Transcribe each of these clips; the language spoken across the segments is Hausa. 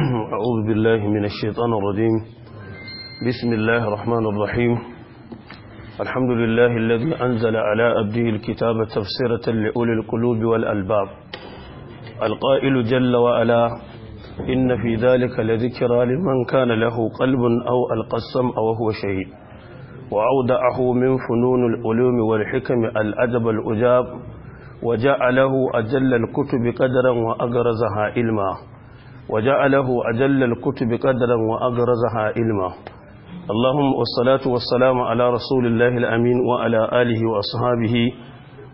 أعوذ بالله من الشيطان الرجيم بسم الله الرحمن الرحيم الحمد لله الذي أنزل على أبده الكتاب تفسيرة لأولي القلوب والألباب القائل جل وعلا إن في ذلك لذكرى لمن كان له قلب أو ألقى السمع وهو شهيد وأودعه من فنون العلوم والحكم الأدب الأجاب وجعله أجل الكتب قدرا وأغرزها علما وجعله أجل الكتب قدرا وأغرزها علما اللهم والصلاة والسلام على رسول الله الأمين وعلى آله وأصحابه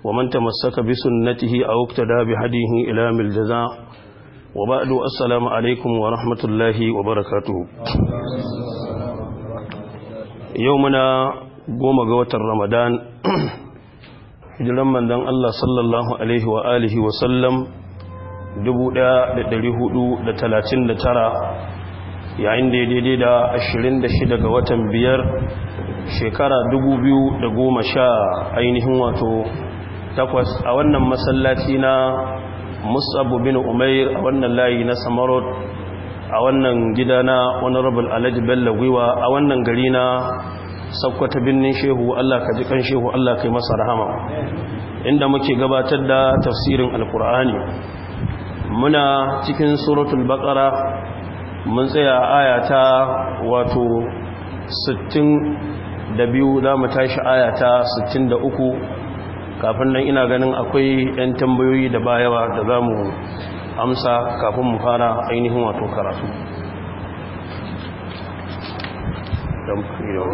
ومن تمسك بسنته أو اقتدى بهديه إلى من الجزاء وبعد السلام عليكم ورحمة الله وبركاته يومنا قوم قوة رمضان hijiran mandan Allah sallallahu Alaihi wa alihi 1439 yayin da ya daidai da ashirin da ga watan biyar shekara dubu goma sha ainihin wato takwas a wannan masallaci na musabu bin umair a wannan layi na samarot a wannan gida na honorable alhaji bello gwiwa a wannan gari na sakwata binnin shehu allah ka ji kan shehu allah ka kai masa rahama inda muke gabatar da tafsirin alkur'ani muna cikin suratul baqara mun tsaya ayata wato sittin da biyu za mu tashi ayata 63 kafin nan ina ganin akwai 'yan tambayoyi da bayawa da zamu amsa kafin mu fara ainihin wato karatu kiyo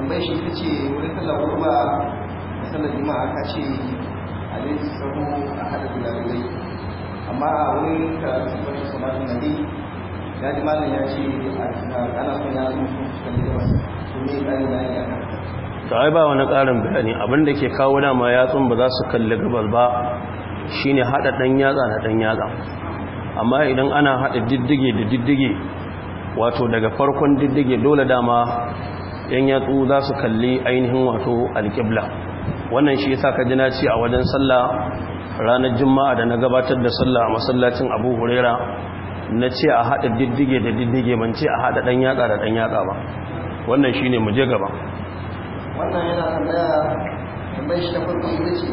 tambayar shi ta ce wani kallon ba a sallar juma'a ka ce a daidai sahu a hada bilalai amma a wurin karatun wani samadin nabi ya ji malin ya ce a ana son ya zama kan cikin gabas to ne ƙarin bayani yi kan ta ai ba wani ƙarin bayani abin da ke kawo dama yatsun ba za su kalli gabas ba shine hada dan yatsa na dan yatsa amma idan ana hada diddige da diddige wato daga farkon diddige dole dama yan yatsu za su kalli ainihin wato alƙibla wannan shi yasa ka jina ce a wajen sallah ranar juma'a da na gabatar da sallah a masallacin abu huraira na ce a haɗa diddige da diddige ban ce a haɗa ɗan yatsa da ɗan yatsa ba wannan shine mu je gaba wannan yana tambaya tambayar shi da farko ita ce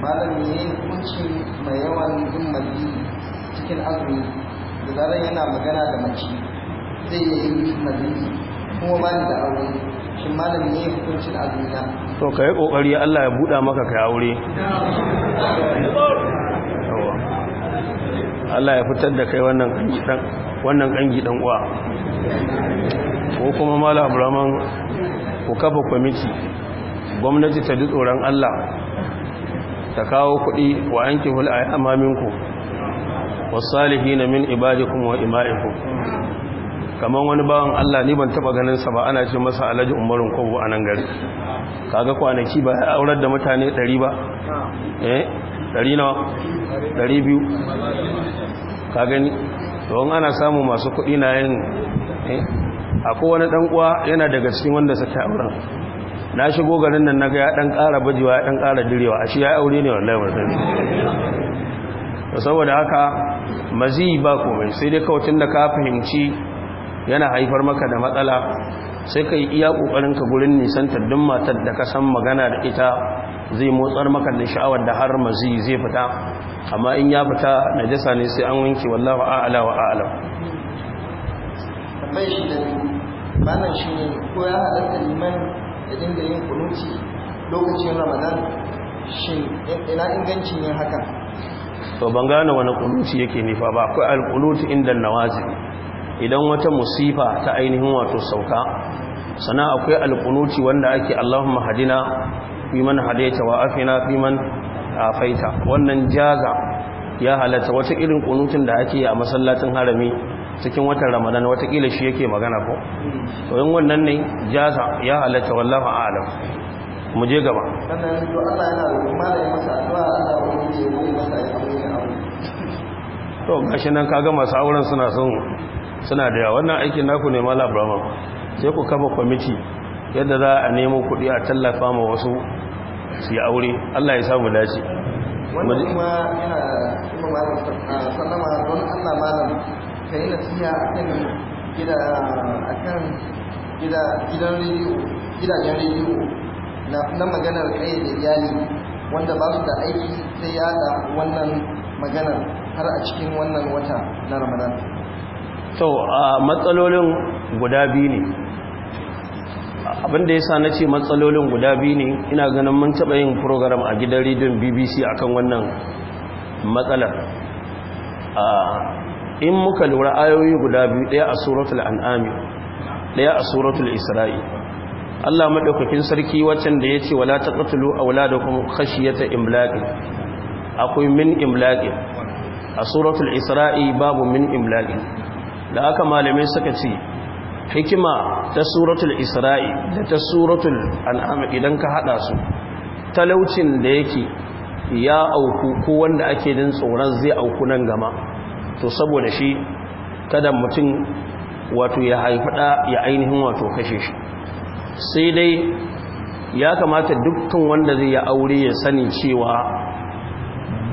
malam ne hukunci mai yawan yin mali cikin azumi da zarar yana magana da mace zai yi yin mali kuma ba da aure shi malami ne hukuncin azumina to kai kokari Allah ya buɗa maka kai aure Allah ya fitar da kai wannan kangi uwa ko kuma malam Abraman ku kafa kwamiti gwamnati ta ji tsoron Allah ta kawo kuɗi wa yanki hul a amaminku wasalihi na min ibadikum wa ima'ikum kamar wani bawan Allah ni ban taba ganin sa ba ana ce masa Alhaji Umarun Kobo a nan gari kaga kwanaki ba aurar da mutane 100 ba eh 100 nawa 200 ka gani don ana samu masu kuɗi na yin eh akwai wani dan uwa yana daga cikin wanda suka auren na shigo garin nan naga ya dan ƙara bajiwa, ya dan ƙara direwa ashe ya aure ne wallahi wallahi saboda haka mazi ba komai sai dai kawai da ka fahimci yana haifar maka da matsala sai ka yi iya ƙoƙarinka gurin nisan taddun matar da ka san magana da ita zai motsar maka da sha'awar da har mazi zai fita amma in ya fita na jasa ne sai an wanke wallahu a'ala wa a'ala shi da shi ne ko ya da yin lokacin ramadan ina to ban gane wani kuluci yake nifa ba akwai alkunuti inda nawazi idan wata musifa ta ainihin wato sauka sana akwai alƙunuci wanda ake Allahumma hadina fi man hadaita wa afina fi man afaita wannan jaza ya halatta wata irin kunutun da ake a masallacin harami cikin watan ramadan watakila shi yake magana ko wayan wannan ne jaza ya halatta wallahu a'lam mu je gaba to gashi nan kaga masu auren suna son suna da yawa wannan aikin naku ne mala brahman sai ku kama kwamiti yadda za a nemo kuɗi a tallafa ma wasu su yi aure allah ya samu dace yana ah, sallama ka yi a kan gidajen na maganar kai da iyali wanda ba su da aiki sai yada wannan maganar har a cikin wannan wata na ramadan to a matsalolin guda biyu ne abinda ya sa na ce matsalolin guda biyu ne ina ganin mun taɓa yin program a gidan rediyon bbc akan wannan matsalar in muka lura ayoyi guda biyu ɗaya a suratul an'ami ɗaya a suratul isra'i Allah maɗaukakin sarki waccan da ya ce wala taqtulu auladakum khashyata imlaqi akwai min imlaqi a suratul isra'i babu min imlaqi da aka malamai suka ce hikima ta suratul isra'i da ta suratul an'am idan ka hada su talaucin da yake ya auku ko wanda ake din tsoron zai auku nan gama to saboda shi kada mutum wato ya haifi da ya ainihin wato kashe shi sai dai ya kamata dukkan wanda zai ya aure ya sani cewa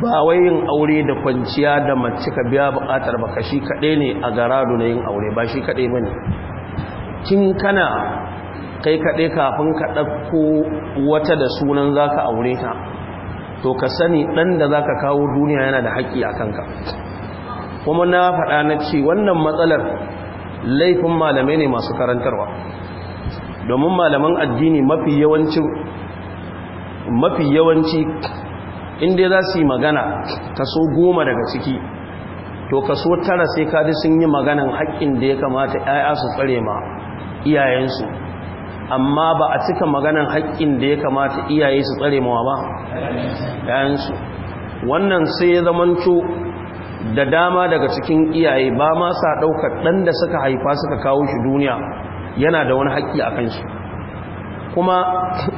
ba wai yin aure da kwanciya da mace ka biya bukatar ba ka shi kaɗai ne a garado na yin aure ba shi kaɗai ne kin kana kai kaɗai kafin ka ɗauko wata da sunan za ka aure ta to ka sani ɗan da za ka kawo duniya yana da haƙƙi a kanka kuma na faɗa na ce wannan matsalar laifin malamai ne masu karantarwa domin malaman addini mafi yawanci inda za su yi magana so goma daga ciki to kaso tara sai ji sun yi maganan haƙƙin da ya kamata 'ya'ya su tsare ma iyayensu amma ba a cika maganan haƙƙin da ya kamata iyaye su tsare ma ba 'ya'yansu wannan sai ya zamanto da dama daga cikin iyaye ba ma sa ɗaukar ɗan da suka haifa suka kawo shi duniya yana da wani haƙƙi a kansu kuma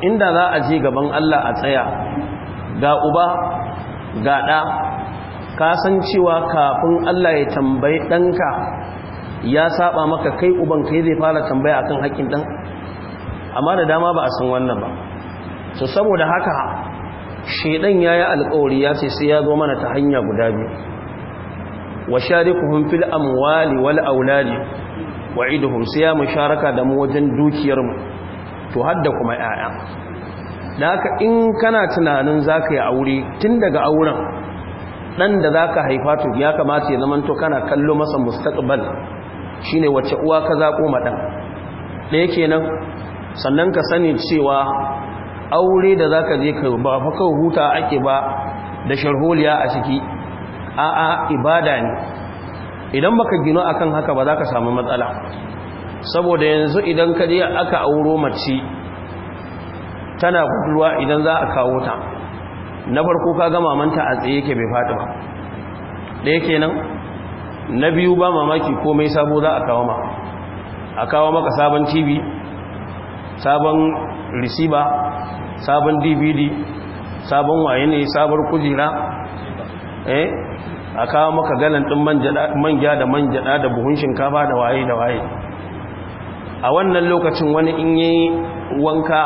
inda za a je gaban Allah a tsaya ga uba ga ɗa cewa kafin Allah ya tambayi ɗanka ya saba maka kai uban kai zai fara tambaya akan haƙƙin ɗan amma da dama ba a san wannan ba su saboda haka shaidan ya yi alkawari ya sai sai ya zo mana ta hanya guda biyu wa sharikuhum fil amwali wal auladi wa sai ya musharaka da mu wajen dukiyarmu to hadda kuma 'ya'ya da haka in kana tunanin za ka yi aure tun daga auren ɗan da za ka haifa to ya kamata ya zamanto kana kallo masa mustaqbal shine wacce uwa ka zaƙo ma ɗan ɗaya kenan sannan ka sani cewa aure da za ka je ka ba fa kawai huta ake ba da sharholiya a ciki a'a ibada ne idan baka gino akan haka ba za ka samu matsala saboda yanzu idan ka je aka auro mace tana budurwa idan za a kawo ta na farko ka gama manta a tsaye ke bai faɗi ba ɗaya kenan na biyu ba mamaki komai sabo za a kawo ma a kawo maka sabon tv sabon receiver sabon dvd sabon waye ne sabon kujera eh a kawo maka galan ɗin manja da manja da buhun shinkafa da waye da waye a wannan lokacin wani in yi wanka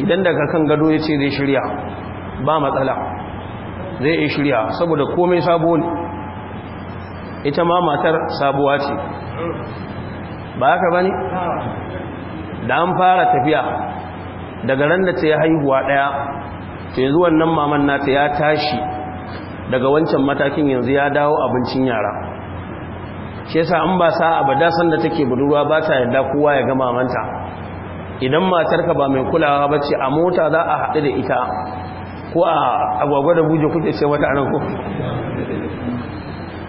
idan daga kan gado ya ce zai shirya ba matsala zai yi shirya saboda komai sabo ne ita ma matar sabuwa ce ba haka ba ne da an fara tafiya daga ran da ta yi haihuwa ɗaya ta yanzu wannan maman nata ya tashi daga wancan matakin yanzu ya dawo abincin yara shi yasa an ba sa'a sa san da take budurwa ba ta yadda kowa ya ga mamanta idan matarka ba mai kulawa ba ce a mota za a haɗu da ita ko a agwagwa da buje kuke ce wata anan ko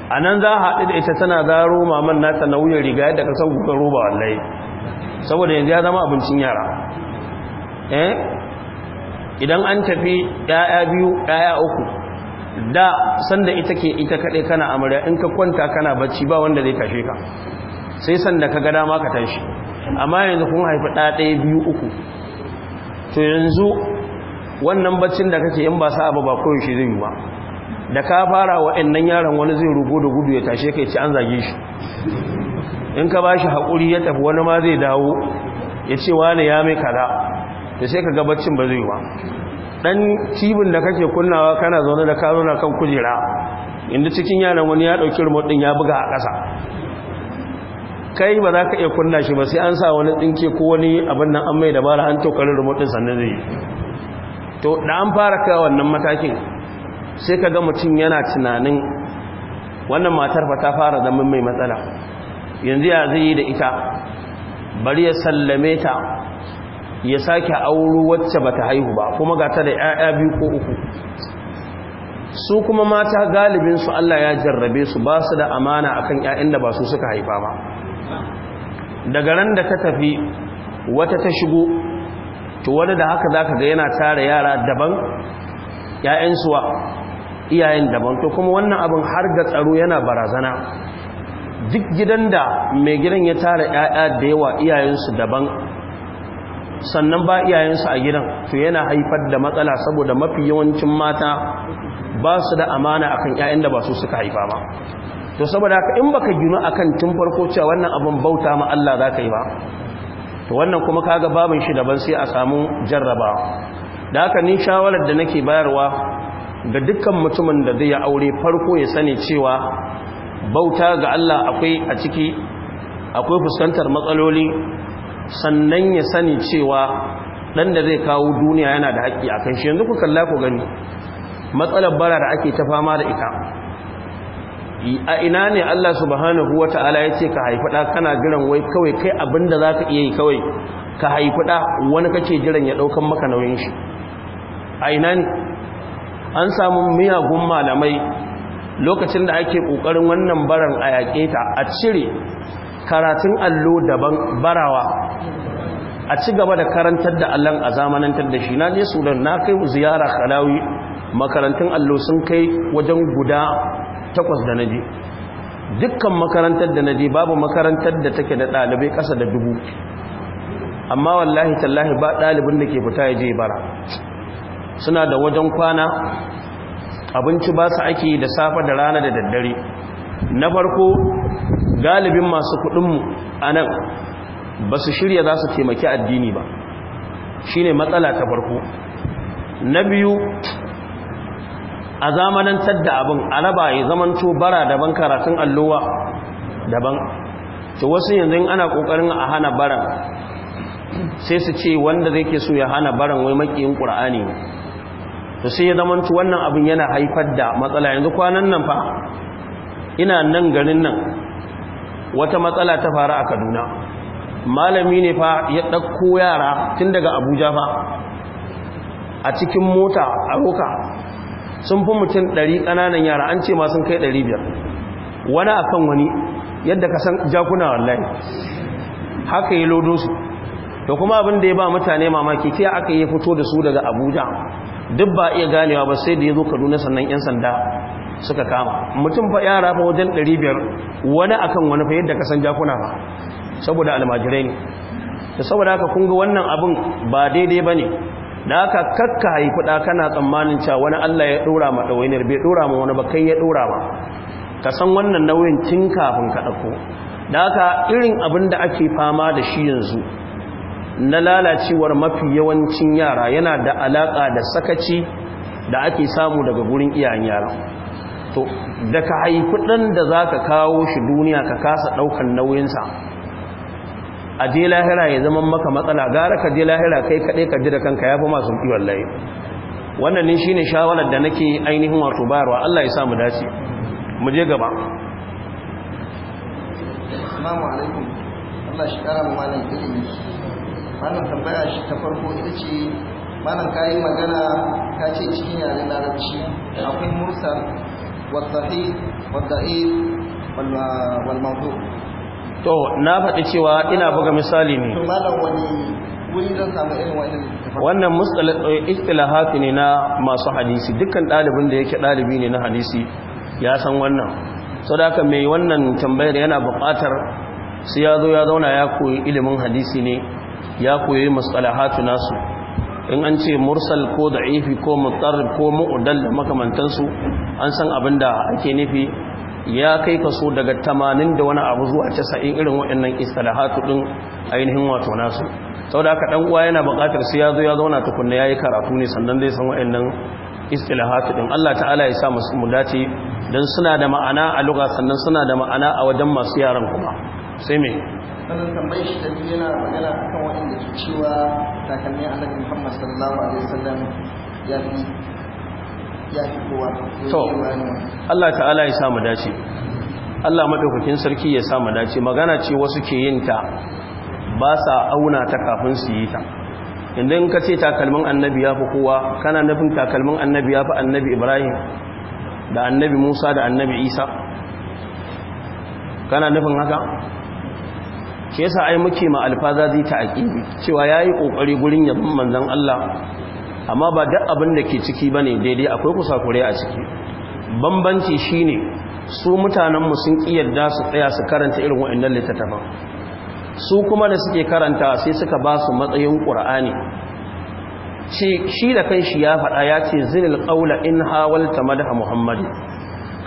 a nan za a haɗu da ita tana zaro maman nata na wuyan riga yadda ka san kuka roba wallai saboda yanzu ya zama abincin yara eh idan an tafi ɗaya biyu ɗaya uku da sanda ita ke ita kaɗai kana amarya in ka kwanta kana bacci ba wanda zai tashe ka sai sanda ka ga dama ka tashi amma yanzu kun haifi ɗa biyu uku to yanzu wannan baccin da kake in ba sa abu ba shi zai yi ba da ka fara nan yaron wani zai rugo da gudu ya tashe kai ci an zage shi in ka ba shi haƙuri ya tafi wani ma zai dawo ya ce wani ya mai kaza da sai ka baccin ba zai ba ɗan cibin da kake kunnawa kana zaune da kanuna kan kujera inda cikin yaran wani ya ɗauki remote ɗin ya buga a ƙasa kai ba za ka iya kunna shi ba sai an sa wani tsinke ko wani abin nan an mai dabara an tokarin remote sannan zai to da an fara kawo wannan matakin sai ka ga mutum yana tunanin wannan matar ba ta fara zama mai matsala yanzu ya zai yi da ita bari ya sallame ta ya sake auru wacce ba ta haihu ba kuma ga ta da 'ya'ya biyu ko uku su kuma mata galibinsu Allah ya jarrabe su ba su da amana akan 'ya'yan da ba su suka haifa ba daga ran da ta tafi wata ta shigo to wani da haka zaka ga yana tara yara daban ƴaƴan suwa iyayen daban to kuma wannan abin har ga tsaro yana barazana duk gidan da mai gidan ya tara 'ya'ya da yawa iyayensu daban sannan ba iyayensu a gidan to yana haifar da matsala saboda mafi yawancin mata ba su da amana akan ƴaƴan da ba su suka haifa ba to saboda haka in baka ginu akan tun farko cewa wannan abin bauta ma Allah za ka yi ba to wannan kuma kaga babin shi daban sai a samu jarraba da haka ni shawarar da nake bayarwa ga dukkan mutumin da zai aure farko ya sani cewa bauta ga Allah akwai a ciki akwai fuskantar matsaloli sannan ya sani cewa dan da zai kawo duniya yana da haƙƙi akan shi yanzu ku kalla ku gani matsalar bara da ake ta fama da ita a ina ne Allah subhanahu wata'ala ya ce ka haifi ɗa kana jiran wai kawai kai abinda zaka za ka iya yi kawai ka haifi ɗa wani kake jiran ya ɗaukan maka nauyin shi a ina ne an samu miyagun malamai lokacin da ake ƙoƙarin wannan baran a yaƙe ta a cire karatun allo daban barawa a ci gaba da karantar da allon a zamanantar da shi na je sudan na kai ziyara kalawi makarantun allo sun kai wajen guda takwas da naje dukkan makarantar da naje babu makarantar da take da ɗalibai ƙasa da dubu amma wallahi tallahi ba ɗalibin da ke fita ya je bara suna da wajen kwana abinci ba su ake da safa da rana da daddare na farko galibin masu kudinmu a nan ba su shirya za su taimaki addini ba shi ne matsala ta farko na biyu a zamanantar da abin a raba ya zamanto bara daban karatun allowa daban to wasu yanzu ana kokarin a hana baran sai su ce wanda zai ke so ya hana baran wai makiyin qur'ani to sai ya zamanto wannan abin yana haifar da matsala yanzu kwanan nan fa ina nan garin nan wata matsala ta faru a Kaduna malami ne fa ya ɗauko yara tun daga Abuja fa a cikin mota a roka sun fi mutum ɗari ƙananan yara an ce ma kai ɗari biyar wani a kan wani yadda ka san jakuna wallahi haka yi lodo su da kuma abin da ya ba mutane mamaki ta aka yi fito da su daga abuja duk ba iya ganewa ba sai da ya zo kaduna sannan 'yan sanda suka kama mutum fa yara fa wajen biyar wani akan wani fa yadda ka san jakuna ba saboda almajirai ne da saboda haka kunga wannan abin ba daidai ba ne da aka kakka haifi ɗa kana tsammanin cewa wani Allah ya ɗora ma ɗawainiyar bai ɗora ma wani ba kai ya ɗora ba. ka san wannan nauyin tun kafin ka ɗauko da aka irin abin da ake fama da shi yanzu na lalacewar mafi yawancin yara yana da alaƙa da sakaci da ake samu daga gurin iyayen yara to da ka haifi ɗan da za ka kawo shi duniya ka kasa ɗaukan nauyinsa a je lahira ya zama maka matsala gara ka je lahira kai kaɗai ka ji da kanka ya fi masu ƙi wallahi wannan ne shine shawarar da nake ainihin wato bayarwa Allah ya sa mu dace mu je gaba assalamu alaikum Allah shi kara mu malam ilimi malam tambaya shi ta farko ita ce malam kayi magana ka ce cikin yaren larabci akwai mursal wa sahih wa da'if wal mawdu' to na faɗi cewa ina buga misali ne wannan eh, istilahati ne na masu hadisi dukkan ɗalibin da yake ɗalibi ne na hadisi ya san wannan sau da aka mai wannan tambayar yana buƙatar su ya zo ya zauna ya koyi ilimin hadisi ne ya koyi matsalahatu nasu in an ce mursal ko ifi ko mutar ko mu'udal da makamantansu an san abin da ake nufi ya kai kaso daga tamanin da wani abu zuwa casa'in irin waɗannan istilahatu ɗin ainihin wato nasu sau da aka ɗan uwa yana buƙatar su ya zo ya zauna tukunna ya yi karatu ne sannan zai san waɗannan istilahatu ɗin Allah ta'ala ya sa mu dace don suna da ma'ana a lugha sannan suna da ma'ana a wajen masu yaran kuma sai me sannan tambayar shi da yana magana akan waɗanda ke cewa takalmi annabi Muhammad sallallahu alaihi wasallam ya fi to Allah ta'ala ya samu dace Allah madaukakin sarki ya samu dace magana ce wasu ke yin ta ba sa auna ta kafin su yi ta idan ka ce takalmin annabi ya fi kowa kana nufin takalmin annabi ya fi annabi Ibrahim da annabi Musa da annabi Isa kana nufin haka Ke sa ai muke ma alfazazi ta aqidi cewa yayi kokari gurin yabon manzon Allah amma ba duk abin da ke ciki ba ne daidai akwai kusa kuri a ciki bambanci ne su mutanenmu sun ƙiyarda su tsaya su karanta irin waɗannan littattafan su kuma da suke karanta sai suka ba su matsayin ƙur'ani shi da kan shi ya faɗa ya ce zinil ƙaula in hawalta madaha muhammadu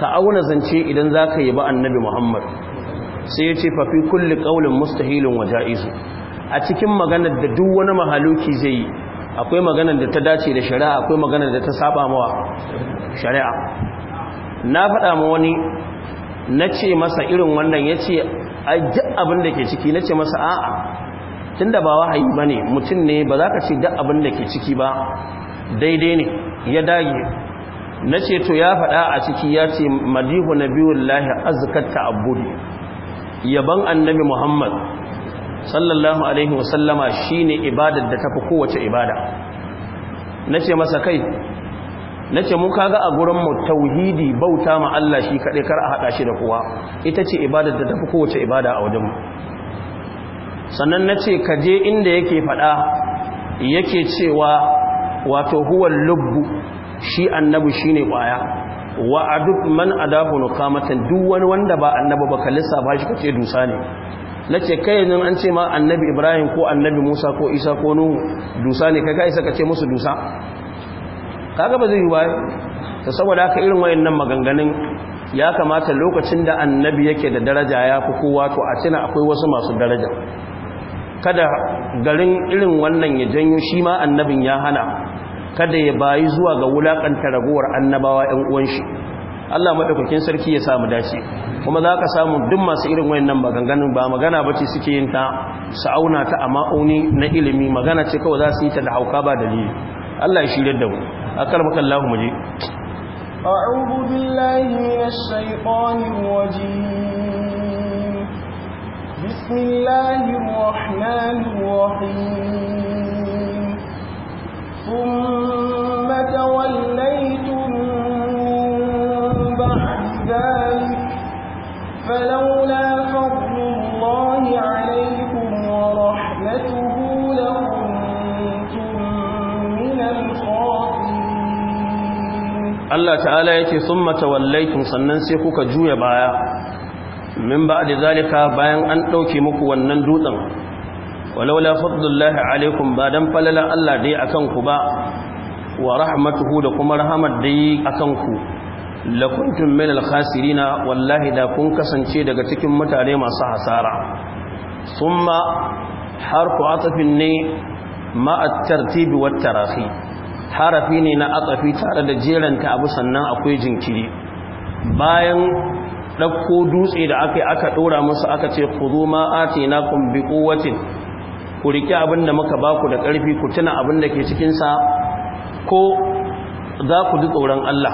ka auna zance idan za ka yi ba annabi muhammad sai ya ce fafi kulli ƙaulin mustahilin waja'izu a cikin maganar da duk wani mahaluki zai yi akwai maganar da ta dace da shari'a akwai maganar da ta saba mawa shari'a na faɗa ma wani na masa irin wannan yace ce duk abin da ke ciki na masa a'a tunda ba wahayi ba ne mutum ne ba za ka ce duk abin da ke ciki ba daidai ne ya dage nace to ya faɗa a ciki yace madihu nabiyullahi azkatta abudi ya yaban annabi muhammad sallallahu alaihi wasallama shine ibadar da tafi kowace ibada nace masa kai nace mu kaga a gurin mu tauhidi bauta ma Allah shi kade kar a haɗa shi da kowa ita ce ibadar da tafi kowace ibada a wajen mu sannan nace ka je inda yake fada yake cewa wato huwa lubbu shi annabi shine kwaya wa duk man adahu nuqamatan duk wani wanda ba annabi ba kallisa ba shi kace dusa ne na ce kai yanzu an ce ma annabi ibrahim ko annabi musa ko isa ko nuhu dusa ne kai ka isa ka ce musu dusa kaga ba zai yi ba ta saboda haka irin wayannan maganganun ya kamata lokacin da annabi yake da daraja ya fi kowa to a cina akwai wasu masu daraja kada garin irin wannan ya janyo shi ma annabin ya hana kada ya bayi zuwa ga wulakanta ragowar annabawa 'yan uwan shi Allah madaukakin sarki ya samu dace kuma za ka samu duk masu irin wayannan maganganun ba magana bace suke yin ta su auna ta a ma'auni na ilimi magana ce kawai za su yi ta da hauka ba dalili Allah ya shirye da mu maka Allahu muje a'udhu billahi minash shaitanir rajim bismillahir rahmanir rahim thumma tawallaytu Allah Ta'ala فضل الله عليكم ورحمته لكنتم sannan sai kuka juya baya min zalika bayan an ɗauke muku wannan dutsen walaula fadlullahi alaikum ba dan falala Allah dai akan ku ba wa rahmatuhu da kuma rahamar dai akan ku lakuntum min al-khasirina wallahi da kun kasance daga cikin mutane masu hasara har harfu atafin ne ma at-tartib wa harafi ne na atafi tare da jeranta abu sannan akwai jinkiri bayan dauko dutse da aka aka ɗora musu aka ce ku zo ma ati na kumbi ku riƙe abin da muka ba ku da ƙarfi ku tuna abin da ke cikinsa ko za ku ji tsoron Allah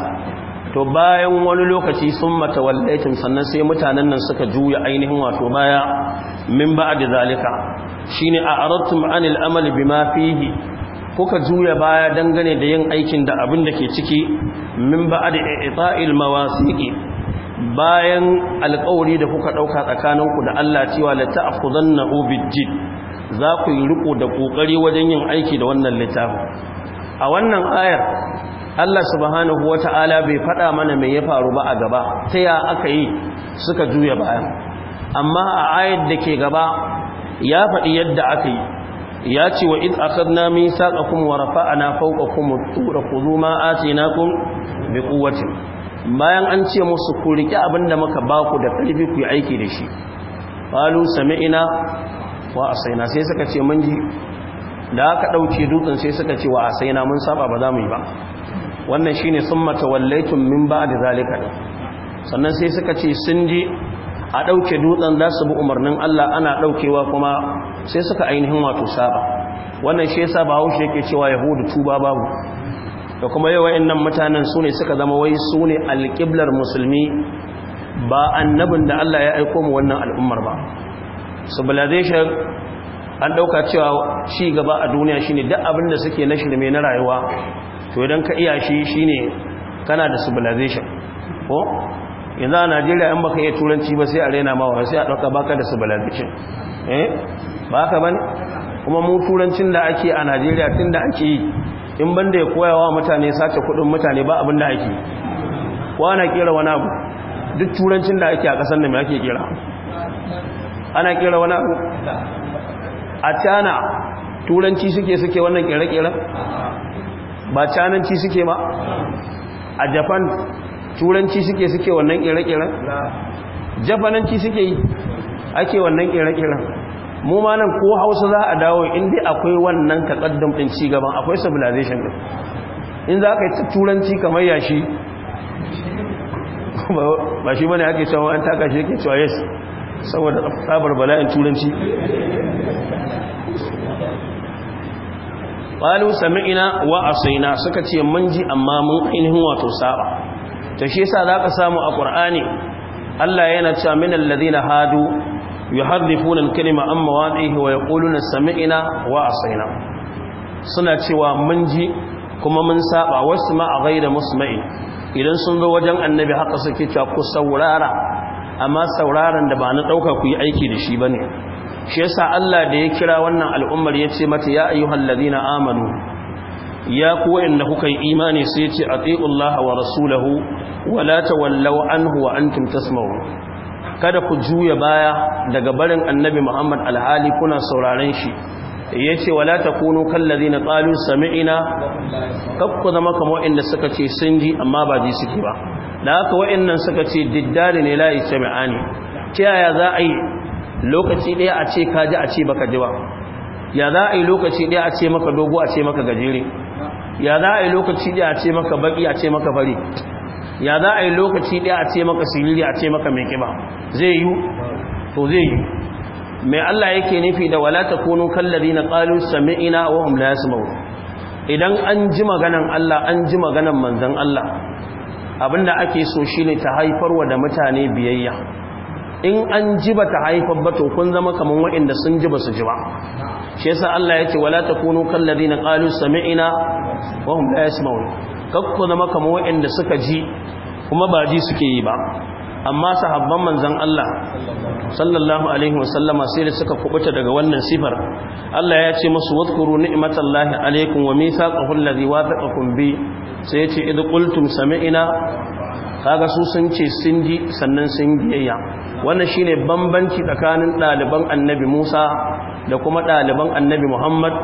to bayan wani lokaci sun mata wallaitin sannan sai mutanen nan suka juya ainihin wato baya min ba da zalika shine a arattum anil amal bima fihi kuka juya baya dangane da yin aikin da abin da ke ciki min ba da ita'il mawasiqi bayan alƙawari da kuka ɗauka tsakaninku da Allah cewa la ta'khudannahu bijid za ku yi riko da kokari wajen yin aiki da wannan littafin a wannan ayar Allah subhanahu wata'ala bai faɗa mana mai ya faru ba a gaba ta ya aka yi suka juya bayan amma a ayar da ke gaba ya faɗi yadda aka yi ya ce wa id akhadna mithaqakum wa na fawqakum at-tura khudhu kun atinakum biquwwatin bayan an ce musu ku rike abinda muka baku da ƙarfi ku yi aiki da shi qalu sami'na wa asaina sai suka ce mun ji da aka ɗauke dutsen sai suka ce wa a sai na mun saba ba za mu yi ba wannan shi ne sun mata wallaitun min ba da zalika sannan sai suka ce sun ji a ɗauke dutsen za su bi umarnin Allah ana ɗaukewa kuma sai suka ainihin wato saba wannan shi yasa ba haushe yake cewa yahudu tuba babu da kuma yawan nan mutanen su ne suka zama wai su ne alƙiblar musulmi ba annabin da Allah ya aiko mu wannan al'ummar ba civilization an dauka cewa ci gaba a duniya shine duk abin da suke na shirme na rayuwa to idan ka iya shi shine kana da civilization ko yanzu a Najeriya in baka iya turanci ba sai a rena ma sai a dauka baka da civilization eh baka bane kuma mu turancin da ake a Najeriya tun da ake yi in banda ya koya wa mutane sace kudin mutane ba abin da ake wana kera wani abu duk turancin da ake a kasar da me ake kera ana kera wani abu a cana turanci suke suke wannan kere kera ba cananci suke ba a japan turanci suke suke wannan kere kera japananci suke yi ake wannan kere kera mu ma nan ko hausa za a dawo inda akwai wannan takaddam din cigaban akwai civilization ɗin in za ka yi turanci kamar yashi ba shi bane ake cewa an taka shi yake cewa yes saboda tsabar bala'in turanci ƙwalu sami'ina wa asaina suka ce mun ji amma mun ainihin wato saba ta shi sa za ka samu a Kur'ani Allah yana cewa min alladhina hadu yuharrifuna funan kalima an mawaɗe wa yaquluna sami'ina wa asaina suna cewa mun ji kuma mun saba wasu ma a gaida musma'in idan sun zo wajen annabi haka suke cewa ku saurara amma sauraron da ba na ɗauka ku yi aiki da shi ba ne shi yasa Allah da ya kira wannan al'ummar ya ce mata ya ayyuhan ladina amanu ya kuwa inda kuka yi imani sai ce atiullah wa rasulahu wala la tawallaw anhu wa antum tasma'un kada ku juya baya daga barin annabi Muhammad alhali kuna sauraron shi yace wala takunu kallazina qalu sami'na kakku zama kamar wanda suka ce sun ji amma ba ji suke ba da haka wayannan suka ce diddari ne la'i yasma'ani ta yaya za a yi lokaci daya a ce kaji a ce baka ji ba ya za a yi lokaci daya a ce maka dogo a ce maka gajere ya za a yi lokaci daya a ce maka baki a ce maka fari ya za a yi lokaci daya a ce maka siriri a ce maka mai kiba zai yi to zai yi mai Allah yake nufi da wala kallari na qalu sami'na wa hum ya yasma'un idan an ji maganan Allah an ji maganan manzan Allah abinda ake so shi ne ta haifarwa da mutane biyayya in an ji ba ta haifar ba to kun zama kaman waɗanda sun ji ba su ji ba shi yasa Allah yake wala takunu na qalu sami'na wa hum la yasma'un kakku zama kaman waɗanda suka ji kuma ba ji suke yi ba amma sahabban manzon Allah sallallahu alaihi wasallama sai da suka kubuta daga wannan sifar Allah ya ce musu wadhkuru ni'matallahi alaikum wa mithaqahu alladhi wathaqakum bi sai yace idh qultum sami'na kaga su sun ce sun ji sannan sun biyayya wannan shine bambanci tsakanin ɗaliban annabi Musa da kuma ɗaliban annabi Muhammad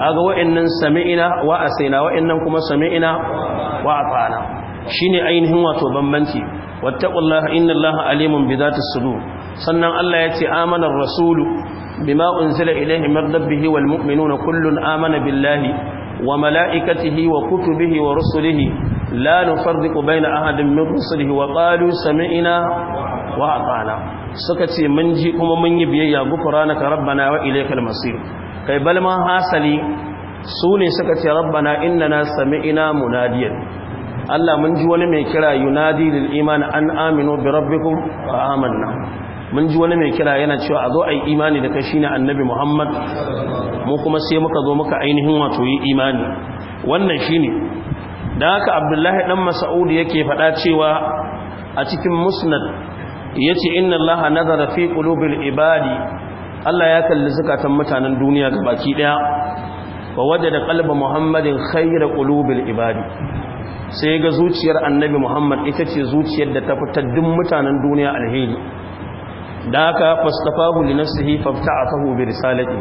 kaga wa'annan sami'na wa asaina wa'annan kuma sami'na wa ata'ana shine ainihin wato bambanci wattaqullaha innallaha alimun bi dhati sudur sannan Allah ya ce amanar rasulu bima unzila ilayhi min rabbihi wal mu'minuna kullun amana billahi wa mala'ikatihi wa kutubihi wa rusulihi la nufarriqu baina ahadin min rusulihi wa qalu sami'na wa ata'na suka ce mun ji kuma mun yi biyayya gufranaka rabbana wa ilaykal masir kai balma hasali su ne suka ce rabbana innana sami'na munadiyan Allah mun ji wani mai kira yunadi lil iman an aminu bi rabbikum fa amanna mun ji wani mai kira yana cewa a zo a yi imani da kai shine annabi muhammad mu kuma sai muka zo muka ainihin wato yi imani wannan shine da haka abdullahi dan mas'ud yake faɗa cewa a cikin musnad yace inna allaha nazara fi qulubil ibadi allah ya kalli zukatan mutanen duniya baki ɗaya, wa da kalba muhammadin khaira qulubil ibadi sai ga zuciyar annabi muhammad ita ce zuciyar da ta fitar duk mutanen duniya alheri da haka fastafahu li nafsihi fafta'atahu bi risalati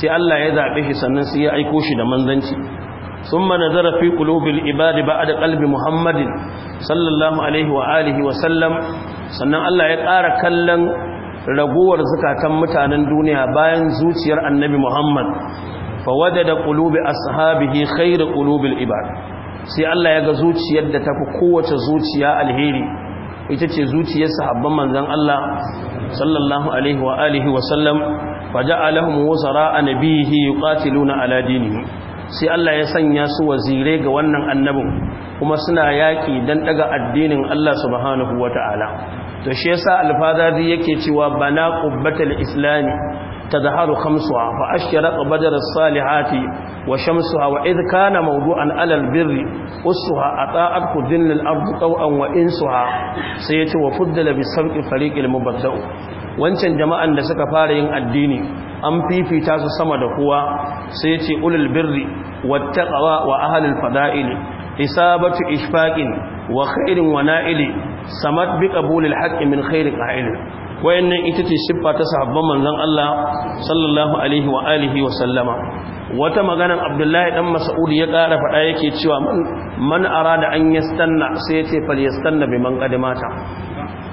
sai Allah ya zabe shi sannan sai ya aiko shi da manzanci thumma nazara fi qulubil ibadi ba'da qalbi muhammadin sallallahu alaihi wa alihi wa sallam sannan Allah ya ƙara kallon raguwar zakatan mutanen duniya bayan zuciyar annabi muhammad fawajada qulubi ashabihi khairu qulubil ibad sai Allah ya ga zuciyar da tafi kowace zuciya alheri ita ce zuciyar sahabban manzon Allah sallallahu alaihi wa alihi wa sallam faja'alahum wuzara nabiyihi yuqatiluna ala dinihi sai Allah ya sanya su wazire ga wannan annabin kuma suna yaki dan daga addinin Allah subhanahu wataala to shi yasa alfadazi yake cewa bana qubbatul islami تظهر خمسها فأشرق بدر الصالحات وشمسها وإذ كان موضوعا على البر أسها أطاعته ذل الأرض طوعا وإنسها سيتي وفضل بسبق فريق المبدأ wancan jama'an da suka fara yin addini an fifita su sama da kowa sai ce ulul birri wattaqwa wa ahlul fada'ili isabatu ishfaqin wa khairin wa na'ili bi qabulil haqqi min khairin wayannan ita ce siffa ta sahabban manzon Allah sallallahu alaihi wa alihi wa sallama wata maganar Abdullahi dan Mas'ud ya kara faɗa yake cewa man arada an yastanna sai yace fal yastanna biman qadimata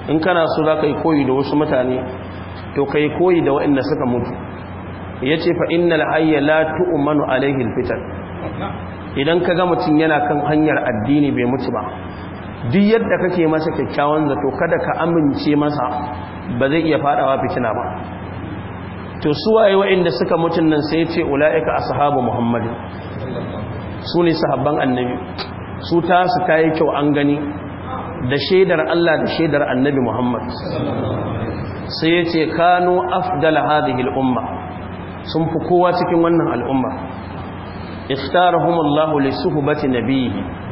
in kana so za ka yi koyi da wasu mutane to kai koyi da waɗanda suka mutu yace fa innal hayya la tu'manu alaihi alfitan idan kaga mutun yana kan hanyar addini bai mutu ba duk yadda kake masa kyakkyawan zato kada ka amince masa ba zai iya fadawa fitina ba to waye wa'inda suka mutun nan sai ce ula'ika ashabu muhammad su ne sahabban annabi su ta su kyau an gani da shaidar Allah da shaidar annabi muhammad sai ya ce kano afdal hadhihi al'umma sun fi kowa cikin wannan al'umma ikhtarahum Allah li suhbati nabiyhi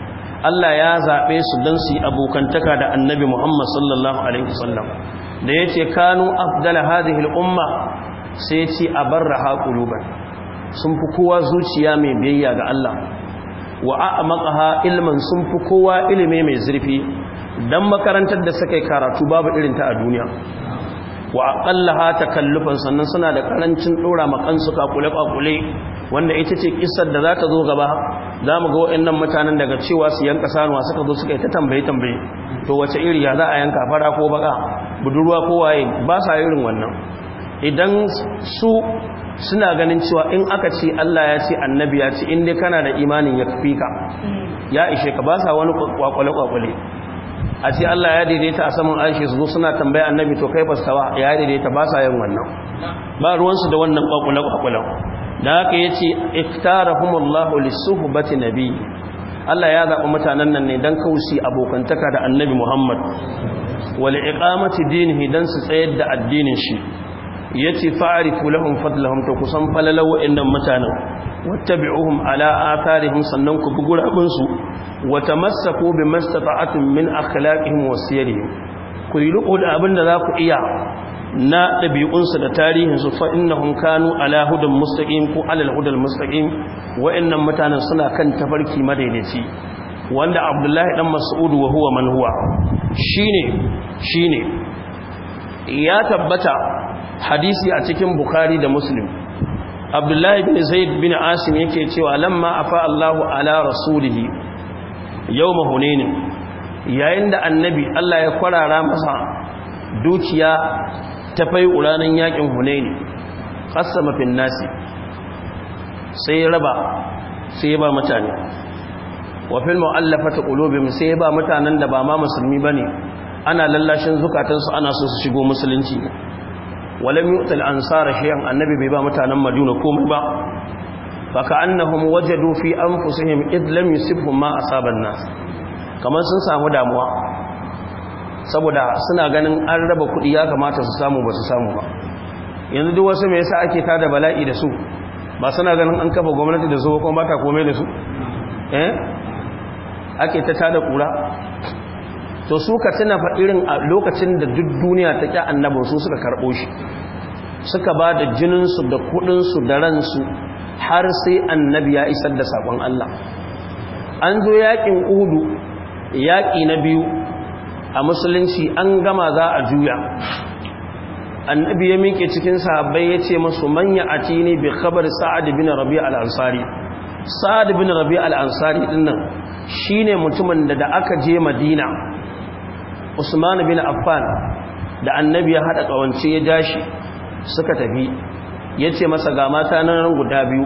Allah ya zaɓe su don su yi abokantaka da annabi Muhammad sallallahu Alaihi wasallam da ya ce kanu afdala hadin umma sai ya ce a barra haƙuluban sun fi kowa zuciya mai biyayya ga Allah wa a makaha ilmin sun fi kowa ilimi mai zurfi don makarantar da suka yi karatu babu irinta a duniya wa ta takallufan sannan suna da karancin dora makansu kakule kakule wanda ita ce kissar da zaka zo gaba zamu ga wayannan mutanen daga cewa su yanka sanuwa suka zo suka yi ta tambaye tambaye to wace iri ya za a yanka fara ko baka budurwa ko waye ba sa irin wannan idan su suna ganin cewa in aka ce Allah ya ce annabi ya ce in dai kana da imanin ya kafi ka ya ishe ka ba sa wani kwakwale kwakwale a ce Allah ya daidaita a saman arshi su suna tambaya annabi to kai basta ya daidaita ba sa yin wannan ba ruwansu da wannan kwakulan kwakulan da haka ya ce iftarahumullahu lisuhbati nabi Allah ya zaɓi mutanen nan ne don kausi abokantaka da annabi Muhammad wal iqamati dinihi dan su tsayar da addinin shi yace fa'rifu lahum fadlahum to kusan falalaw innan mutanen wattabi'uhum ala atharihim sannan ku bi gurabun su wa tamassaku bi mastata'atin min akhlaqihim wa siyarihim ku yi riko da abin da za ku iya na ɗabi'unsu da tarihinsu fa'innahun kanu alahudun mustaƙin ko alalhudun mustaƙin wa'innan mutanen suna kan tafarki madaidaici wanda abdullahi ɗan masu'udu wa huwa man huwa shi ne ya tabbata hadisi a cikin Bukhari da muslim abdullahi bin zaid bin asim yake cewa lamma afa allahu ala rasulihi yau mahunenin yayin da annabi Allah ya kwarara masa dukiya ta fai uranin yakin hunaini ƙasa mafin nasi sai ya raba sai ya ba mutane wafin ma'allafa ta ƙulobin sai ya ba mutanen da ba ma musulmi ba ne ana lallashin zukatansu ana so su shigo musulunci walam yu'tal ansara shay'an annabi bai ba mutanen madina komai ba faka'annahum wajadu fi anfusihim id lam yusibhum ma asaban nas kamar sun samu damuwa saboda suna ganin an raba kuɗi ya kamata su samu ba su samu ba yanzu duk wasu me yasa ake tada bala'i da su ba suna ganin an kafa gwamnati da su kuma ba komai da su eh? ake ta tada kura to suka ka tuna fa irin a lokacin da duk duniya ta ƙi annabin su suka karɓo shi suka ba da jininsu da kuɗinsu da ransu har sai annabi ya isar da sakon Allah an zo yakin udu yaki na biyu a musulunci an gama za a juya annabi ya miƙe cikin sahabbai ya ce masu manya a tini bi khabar sa'ad bin rabi al-ansari sa'ad bin rabi al-ansari dinnan shine mutumin da da aka je madina usman bin affan da annabi ya hada kawance ya dashi suka tafi ya ce masa ga mata nan guda biyu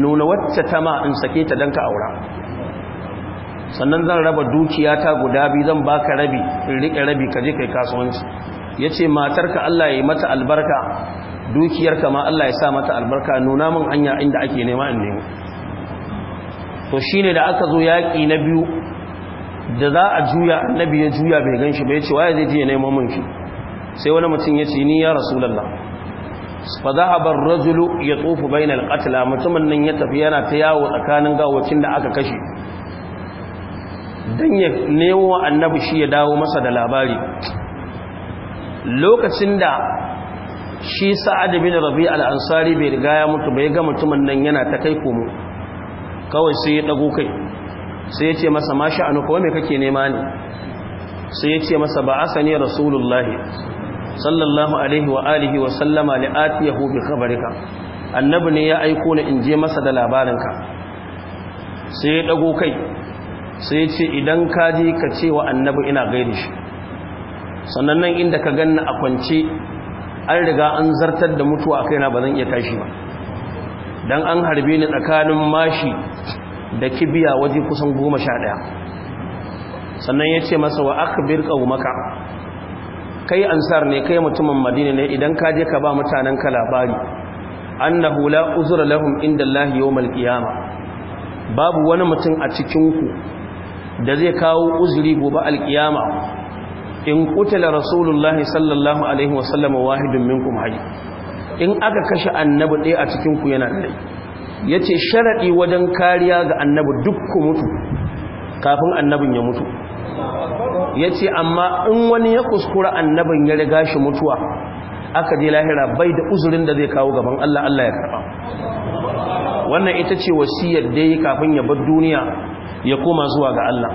nuna wacce ta ma in sake ta don ka aura sannan zan raba dukiya ta guda biyu zan baka rabi in riƙe rabi ka je kai kasuwanci ya ce matarka Allah ya yi mata albarka dukiyarka ma Allah ya sa mata albarka nuna min hanya inda ake nema in nemo to shi ne da aka zo yaƙi na biyu da za a juya annabi ya juya bai gan shi bai ce waye zai je nema mun shi sai wani mutum ya ce ni ya rasulallah fa dhahaba ar-rajulu ya bayna al-qatla mutumin nan ya tafi yana ta yawo tsakanin gawacin da aka kashe dan ya nemo annabi shi ya dawo masa da labari lokacin da shi sa'ad bin rabi' al-ansari bai riga ya mutu bai ga mutumin nan yana ta kai komo kawai sai ya dago kai sai ya ce masa ma sha'anu kawai me kake nema ne sai ya ce masa ba asani rasulullahi sallallahu alaihi wa alihi wa sallama atiyahu bi khabarika annabi ne ya aiko ni in je masa da labarinka sai ya dago kai sai ya ce idan ka je ka ce wa annabi ina gaida shi sannan nan inda ka ganna a kwance an riga an zartar da mutuwa kaina ba zan iya tashi ba dan an harbe ni tsakanin mashi da kibiya waje kusan goma sha ɗaya sannan ya ce masa wa aka birka maka kai ansar ne kai mutumin madina ne idan ka je ka ba mutanen ka labari annahu la uzra lahum inda Allah yawmal qiyama babu wani mutum a cikin ku da zai kawo uzuri gobe alkiyama in qutila rasulullahi sallallahu alaihi sallam wahidun minkum hayy in aka kashe annabi ɗaya a cikin ku yana da yace sharadi wajen kariya ga annabi duk ku mutu kafin annabin ya mutu ya ce amma in wani ya kuskura annabin ya riga shi mutuwa aka je lahira bai da uzurin da zai kawo gaban Allah Allah ya karɓa wannan ita ce wasiyar da yi kafin ya bar duniya ya koma zuwa ga Allah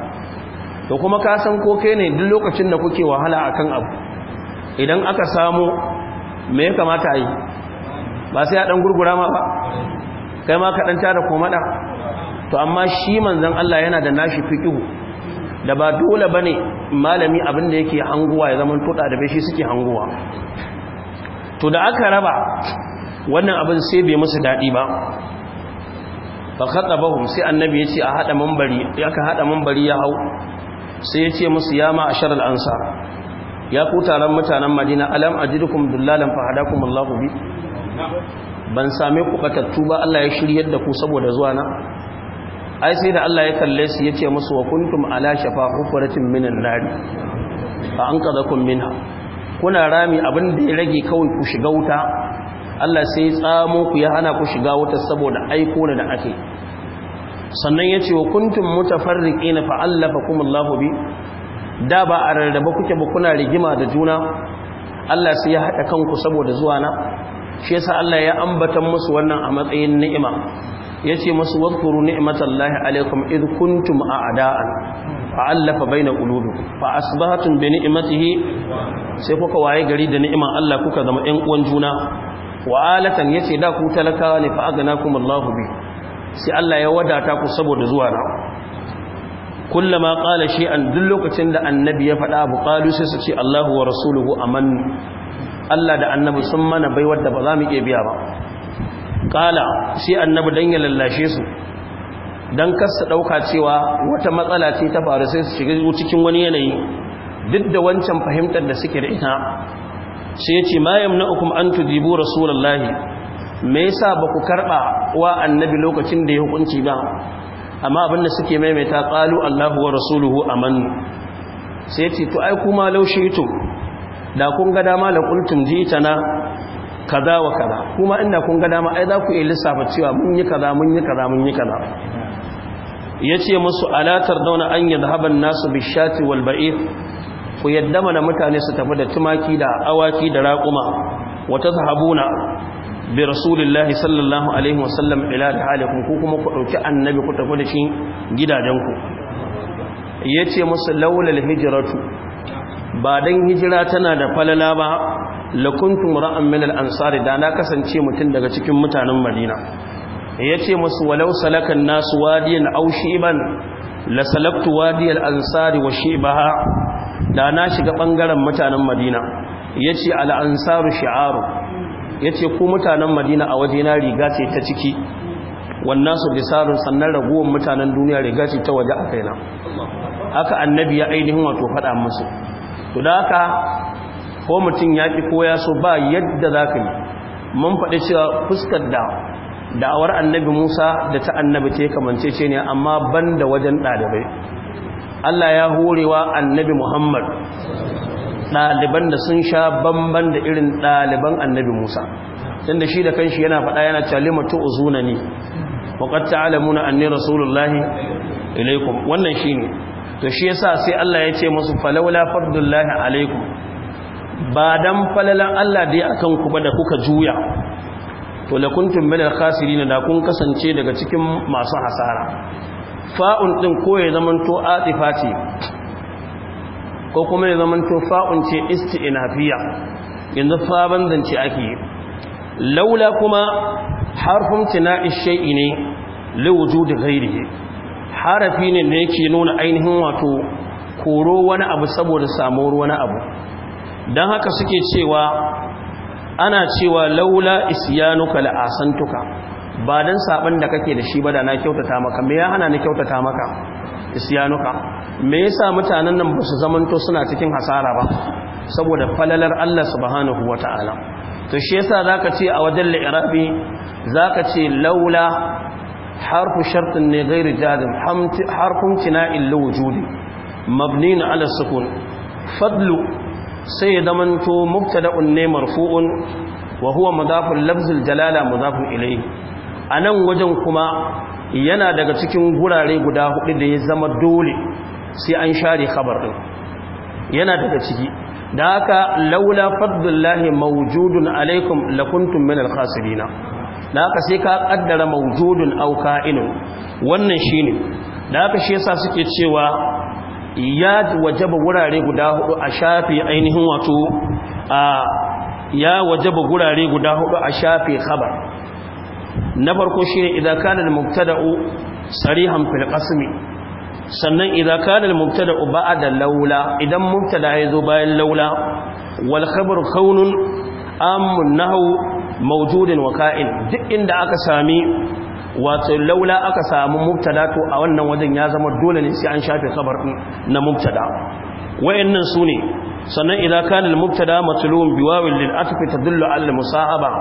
to kuma ka san ko kai ne duk lokacin da kuke wahala akan abu idan aka samu me ya kamata a yi ba sai a ɗan gurgura ma ba kai ma ka dan tada komada to amma shi manzon Allah yana da nashi fiƙihu da ba dole ba ne malami abinda yake hanguwa ya zama tuta da shi suke hanguwa to da aka raba wannan abin sai bai musu daɗi ba ba kaɗa hun sai annabi ya ce a haɗa mambari ya ka haɗa mambari ya hau sai ya ce musu ya ma a sharar ansa ya ku taron mutanen madina alam a jirukun dullalan fahadakun allahu bi ban same ku ɓatattu ba allah ya shirya da ku saboda zuwa na ai sai da Allah ya kalle su yace musu wa kuntum ala shafa hufratin minan nar fa anqadhakum minha kuna rami abin da ya rage kawai ku shiga wuta Allah sai ya tsamo ku ya hana ku shiga wuta saboda aiko da ake sannan yace wa kuntum mutafarriqin fa allafakum Allah bi da ba a rarraba kuke ba kuna rigima da juna Allah sai ya haɗa kanku saboda zuwa na shi yasa Allah ya ambata musu wannan a matsayin ni'ima yace masu wadhkuru ni'matallahi alaikum id kuntum a'da'an fa'allafa baina qulubikum fa asbahatum bi ni'matihi sai kuka waye gari da ni'ima Allah kuka zama ƴan uwan juna wa alatan yace da ku talakawa ne fa kuma Allahu bi sai Allah ya wadata ku saboda zuwa na kullama qala shay'an duk lokacin da annabi ya faɗa abu qalu sai su ce Allahu wa rasuluhu aman Allah da annabi sun mana baiwar da ba za mu iya biya ba kala sai annabi dan ya lallashe su dan kasa dauka cewa wata matsala ce ta faru sai su shiga cikin wani yanayi duk da wancan fahimtar da suke da ita sai ya ce ma yamna'ukum an tudibu rasulullahi me yasa ba ku karba wa annabi lokacin da ya hukunci ba amma abinda suke maimaita qalu Allahu wa rasuluhu aman sai ya ce to ai kuma laushe to da kun ga dama la qultum na. kaza wa kaza kuma ina kun ga dama ai za ku iya lissafa cewa mun yi kaza mun yi kaza mun yi kaza yace musu alatar dauna an yadhaban nasu bishati wal ba'ir ku yadda mana mutane su tafi da tumaki da awaki da raquma wa tazhabuna bi rasulillahi sallallahu alaihi sallam, ila halikum ku kuma ku dauki annabi ku tafi da shi gidajenku yace musu laulal hijratu ba dan hijira tana da falala ba lakuntu ra'an min al-ansari da na kasance mutum daga cikin mutanen Madina yace musu walau salakan nasu wadiyan aw shiban la salaktu al ansari wa shibaha da na shiga bangaren mutanen Madina yace al-ansaru shi'aru yace ku mutanen Madina a waje na riga ce ta ciki wannan su bisarun sannan raguwar mutanen duniya riga ce ta waje a kaina haka annabi ya ainihin wato faɗa musu to da haka ko mutum ya ƙi ko ya so ba yadda za ka yi mun faɗi cewa fuskar da da'awar annabi musa da ta annabi ta kamance ce ne amma ban da wajen ɗalibai allah ya horewa annabi muhammad ɗaliban da sun sha bamban da irin ɗaliban annabi musa tun da shi da kanshi yana faɗa yana calima ta uzuna ne waƙar ta'alamuna annin rasulullahi ilaikum wannan shi ne to shi yasa sai allah ya ce musu falawla fardullahi alaikum ba dan falalan Allah dai akan ku ba da kuka juya to la kuntum min al-khasirin da kun kasance daga cikin masu hasara fa'un din ko ya zamanto a ce ko kuma ya to fa'un ce isti'nafiya yanzu fa zance ake laula kuma harfin tina'i shay'i ne li wujudi ghairihi harafi ne da yake nuna ainihin wato koro wani abu saboda samuwar wani abu don haka suke cewa ana cewa laula isyanuka la'asantuka ba don saban da kake da shi ba da na kyautata maka me ya hana ni kyautata maka isyanuka me yasa mutanen nan ba su zamanto suna cikin hasara ba saboda falalar Allah subhanahu wata'ala to shi yasa zaka ce a wajen li'rabi zaka ce laula harfu shartin ne ghairi jazim harfun illu wujudi mabni ala sukun fadlu sai ya zamanto mubtada'un ne marfu'un wa huwa mudafun lafzul jalala mudafun ilayhi anan wajen kuma yana daga cikin gurare guda hudu da ya zama dole sai an share khabar ɗin, yana daga ciki da haka laula fadlullahi mawjudun alaikum lakuntum min alkhasirina da haka sai ka kaddara mawjudun auka ka'inun wannan shine da haka shi yasa suke cewa ya wajaba wurare guda hudu a shafi ainihin wato a ya wajaba gurare guda hudu a shafi khabar na farko shine idan kana al-mubtada'u sarihan fil qasmi sannan idan kana al-mubtada'u ba'da laula idan mubtada ya zo bayan laula wal khabar kaunun amun nahu mawjudin wa ka'in duk inda aka sami wato laula aka samu mubtada to a wannan wajen ya zama dole ne sai an shafe khabar na mubtada wayannan sune sannan idan kana mubtada matlun biwawin lil-atf tadullu ala al-musahaba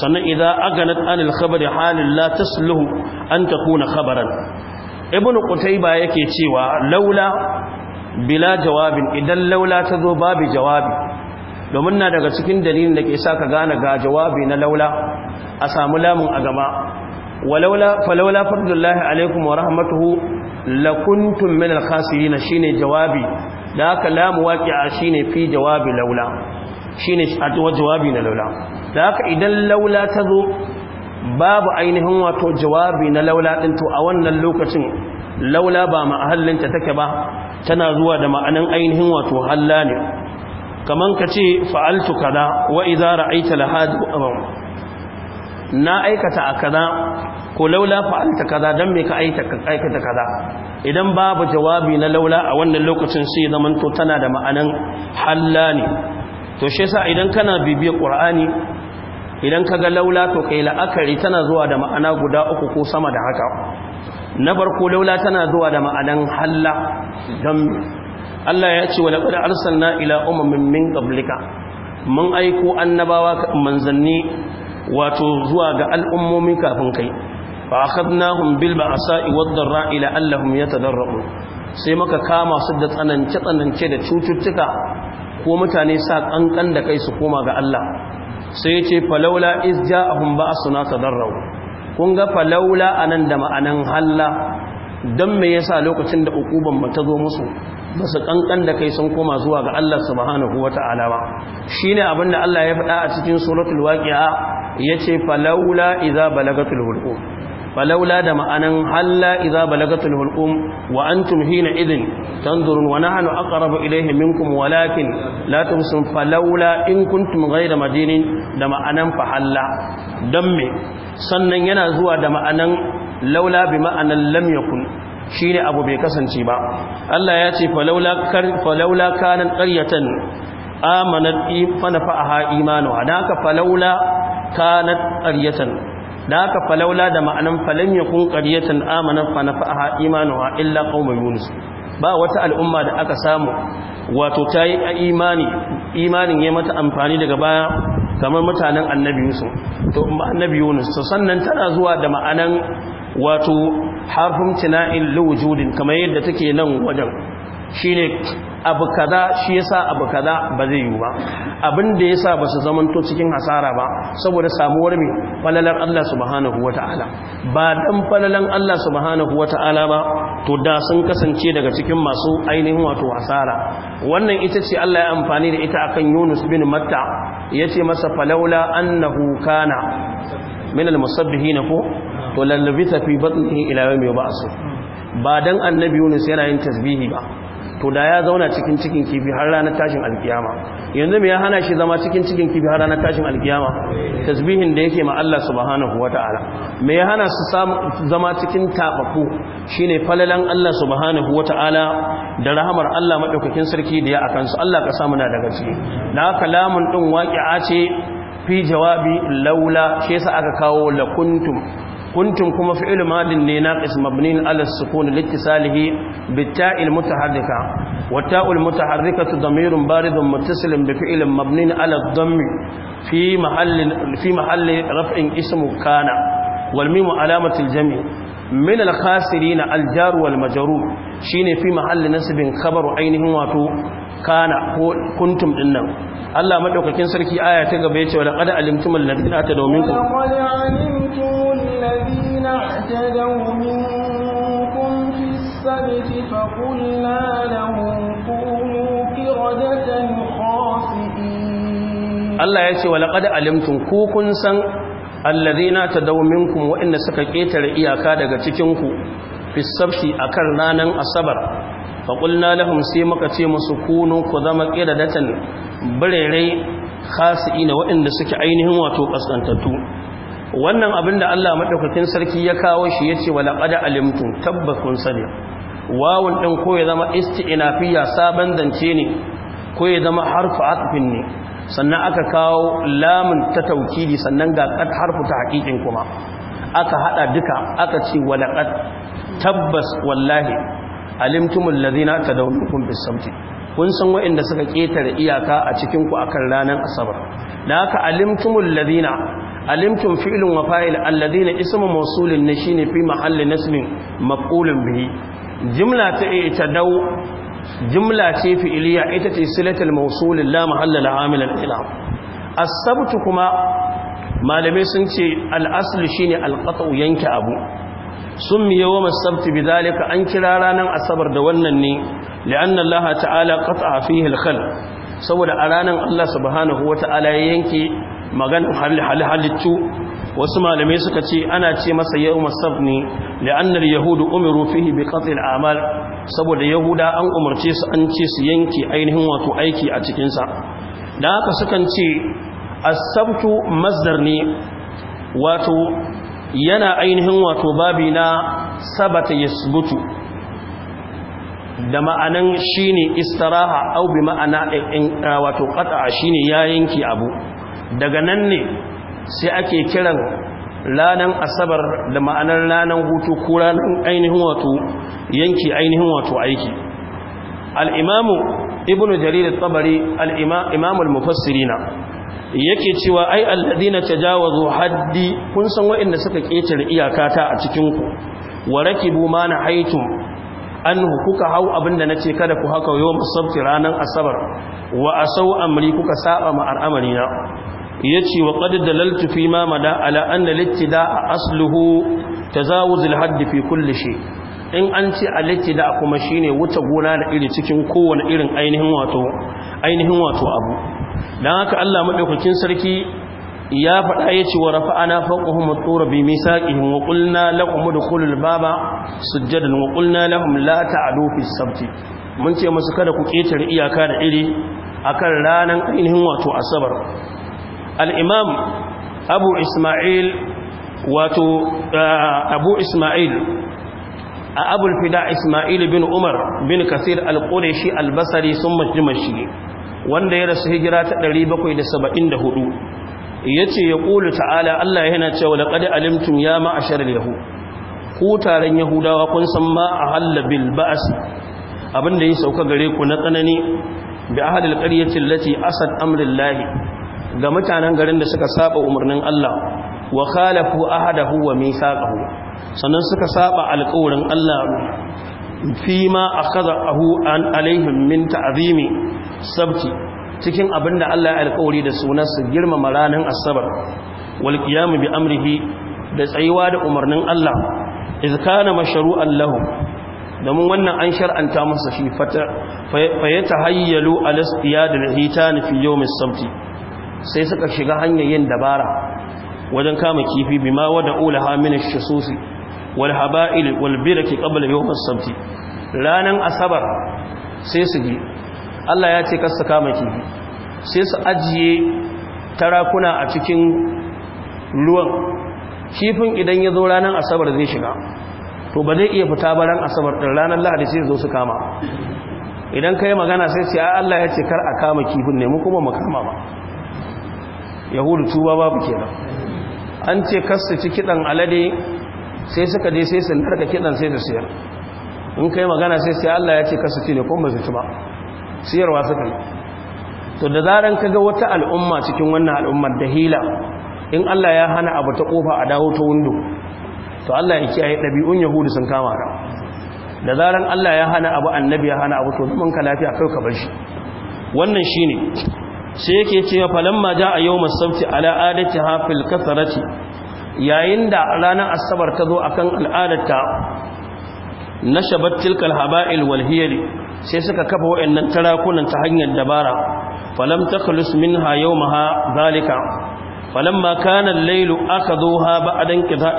sannan idan aganat an al-khabar halin la tasluhu an takuna khabaran ibnu qutayba yake cewa laula bila jawabin idan laula ta zo babu jawabi domin na daga cikin dalilin da ke sa ka gane ga jawabi na laula a samu lamun a gaba walaula falaula fadlullahi alaikum wa rahmatuhu lakuntum min al-khasirin shine jawabi da aka lamu waqi'a shine fi jawabi laula shine atwa jawabi na laula da haka idan laula ta zo babu ainihin wato jawabi na laula din to a wannan lokacin laula ba ma'ahallinta take ba tana zuwa da ma'anan ainihin wato halla ne kaman kace fa'altu kaza wa idza ra'aita lahad na aikata a kaza ko laula fa'alta kaza dan me ka aikata kaza idan babu jawabi na laula a wannan lokacin sai zaman to tana da ma'anan halla ne to shi yasa idan kana bibiyar qur'ani idan kaga laula to kai la'akari tana zuwa da ma'ana guda uku ko sama da haka na farko laula tana zuwa da ma'anan halla dan Allah ya ce wa laqad arsalna ila umamin min qablika mun aiko annabawa manzanni wato zuwa ga al'ummomi kafin kai fa akhadnahum bil ba'sa'i wad dharra'i ya yatadarra'un sai maka kama su da tsanance tsanance da cututtuka ko mutane sa ƙanƙan da kai su koma ga Allah sai yace falawla iz ja'ahum ba'suna tadarra'u kun ga a anan da ma'anan halla dan me yasa lokacin da ukuban ba ta zo musu ba su ƙanƙan da kai sun koma zuwa ga Allah subhanahu wata'ala ba shine abinda Allah ya faɗa a cikin suratul waƙi'a yace falaula idza balagatul hulqum falaula da ma'anan halla idza balagatul hulqum wa an antum hina idin tanzurun wa nahnu aqrabu ilayhi minkum walakin la tumsun falaula in kuntum da madinin da ma'anan fahalla dan me sannan yana zuwa da ma'anan laula bi ma'anan lam yakun shine abu bai kasance ba Allah ya ce falaula falaula kanan qaryatan amanat fa a nafa'aha imanuha dan haka falaula kanat qaryatan da haka falaula da ma'anan falam yakun qaryatan amanan fa nafa'aha imanuha illa qaum yunus ba wata al'umma da aka samu wato tayi imani imanin yayi mata amfani daga baya kamar mutanen annabi yusuf to annabi yunus to sannan tana zuwa da ma'anan wato harfin tina'in lawjudin kamar yadda take nan wajen shine abu kaza shi yasa abu kaza ba zai yi ba abin da yasa ba su zamanto cikin hasara ba saboda samuwar mai falalar Allah subhanahu wata'ala ba dan falalan Allah subhanahu wata'ala ba to da sun kasance daga cikin masu ainihin wato hasara wannan ita ce Allah ya amfani da ita akan Yunus bin Matta yace masa falaula annahu kana min al-musabbihin ko to lallabita fi batnihi ila yawmi ba dan annabi Yunus yana yin tasbihi ba to da ya zauna cikin cikin kifi har ranar tashin alkiyama yanzu me ya hana shi zama cikin cikin kifi har ranar tashin alkiyama tasbihin da yake ma Allah subhanahu wataala me ya hana su zama cikin tabaku shine falalan Allah subhanahu wataala da rahamar Allah madaukakin sarki da ya akan su Allah ka samu na daga ciki na kalamun din waqi'a ce fi jawabi laula shi yasa aka kawo lakuntum kuntum kuma fi'il madin ne naqis mabnin ala sukun litisalihi bitta'il mutaharrika wa ta'ul mutaharrikatu damirun baridun muttasilun bi fi'ilin mabnin ala dhammi fi mahalli fi mahalli raf'in ismu kana wal mim jami' min al khasirin wal majrur shine fi mahalli nasbin khabaru ainihin wato kana ko kuntum din nan Allah madaukakin sarki aya ta gaba yace wala qad alimtum alladhina atadaw minkum qad alimtum alladhina atadaw minkum fis sabti faqulna lahum kunu qiradatan khasi'in Allah yace wala qad alimtum ku kun san alladhina atadaw minkum wa inna suka ketare iyaka daga cikin ku fis sabti akan ranan asabar faƙulna lahum sai muka ce musu kunu ku zama ƙiradatan birerai na waɗanda suke ainihin wato ƙasƙantattu wannan abin da Allah maɗaukakin sarki ya kawo shi ya ce wa laƙada alimtun tabbas kun sani wawun ɗin ko ya zama isti'inafiya sabon zance ne ko ya zama harfu atfin ne sannan aka kawo lamun ta taukidi sannan ga ƙad harfu ta haƙiƙin kuma aka haɗa duka aka ce wa laƙad tabbas wallahi alimtumul ladina tadaw minkum bis samti kun san wa'anda suka ketare iyaka a cikin ku akan ranar asabar da haka alimtumul ladina alimtum fi'lun wa fa'il alladina ismu mawsulin ne shine fi mahalli nasbin maf'ulun bihi jumla ta tadaw jumla ce fi'iliya ita ce silatul mawsulin la mahalla la amilan ila as-sabt kuma malamai sun ce al-asl shine al-qat'u yanke abu sun miye wa masabti bi zalika an kira ranar asabar da wannan ne li'anna Allah ta'ala qata'a a al-khal saboda a ranar Allah subhanahu wata'ala ya yanke maganar halittu wasu malamai suka ce ana ce masa yau masabt ne li'annar yahudu umiru fihi bi qatl amal saboda yahuda an umarce su an ce su yanke ainihin wato aiki a cikinsa da haka sukan ce asabtu masdar ne wato yana ainihin wato babi na sabata yasbutu da ma'anan shine istiraha aw bi ma'ana eh, eh, wato qata'a shine ya abu daga nan ne sai ake kiran lanan asabar da ma'anar lanan hutu ko lanan ainihin wato yanki ainihin wato aiki al-imamu ibnu jarir at-tabari al imamu al-mufassirina yake cewa ai alladina tajawazu haddi kun san waɗanda suka ketare iyakata a cikin ku wa rakibu ma nahaitum anhu kuka hau abinda nace kada ku haka yau musabti ranan asabar wa asau amri kuka saba ma al'amari na yace wa qad dalaltu fi ma mada ala anna littida asluhu tazawuzul haddi fi kulli shay in an ce al-ittida kuma shine wuce gona da iri cikin kowane irin ainihin wato ainihin wato abu dan haka Allah madaukakin sarki ya faɗa ya ce wa rafa'ana fawqahum at-tura bi misaqihim wa qulna lahum udkhulul baba sujadan wa qulna lahum la ta'du fi as mun ce musu kada ku ketare iyaka da iri akan ranan ainihin wato asabar al-imam abu isma'il wato ah, abu isma'il abul fida isma'il bin umar bin kasir al qurayshi al-basri summa dimashi wanda ya rasu hijira ta 774 yace ya qulu ta'ala Allah yana cewa laqad alimtum ya ma'ashar yahud ku taron yahudawa kun san ma ahalla bil ba's abinda ya sauka gare ku na tsanani bi ahadil qaryati allati asad amrillahi ga mutanen garin da suka saba umarnin Allah wa khalafu ahadahu wa mithaqahu sannan suka saba alƙawarin Allah fima akhadahu an alaihim min sabti cikin abinda Allah ya alƙawari da sunansa girmama ranar asabar wal qiyam bi amrihi da tsayuwa da umarnin Allah iz kana mashru'an lahum domin wannan an shar'anta masa shi fata fayatahayyalu ala istiyad al-hitan fi yawm as-sabt sai suka shiga hanyar yin dabara wajen kama kifi bima da laha min ash-shususi wal haba'il wal biraki qabla yawm as-sabt ranan asabar sai su ji Allah ya ce kasu kama kifi sai su ajiye tarakuna a cikin ruwan kifin idan ya zo ranan asabar zai shiga to ba zai iya fita ba ran asabar ɗin ranan lahadi sai su zo su kama idan ka yi magana sai sai Allah ya ce kar a kama kifin ne mu kuma mu kama ba yahudu tuba babu kenan an ce kasu ci kiɗan alade sai suka je sai sun narka kidan sai su siyar in kai magana sai sai Allah ya ce kasu ci ne ko ba su ci ba siyarwa suka yi to da zaran kaga wata al'umma cikin wannan al'ummar da hila in Allah ya hana abu ta kofa a dawo ta windo to Allah ya kiyaye dabi'un yahudu sun kama ka da zaran Allah ya hana abu annabi ya hana abu to mun ka lafiya kai ka bar shi wannan shine sai yake cewa falamma jaa yawmas sabti ala adati hafil kasarati yayin da ranar asabar ta zo akan al'adarta na shabar tilkal haba'il walhiyari sai suka kafa wa'annan tarakunan ta hanyar dabara falam ta kalus min maha zalika falam ma kanan lailu aka zo ha ba a dan kiza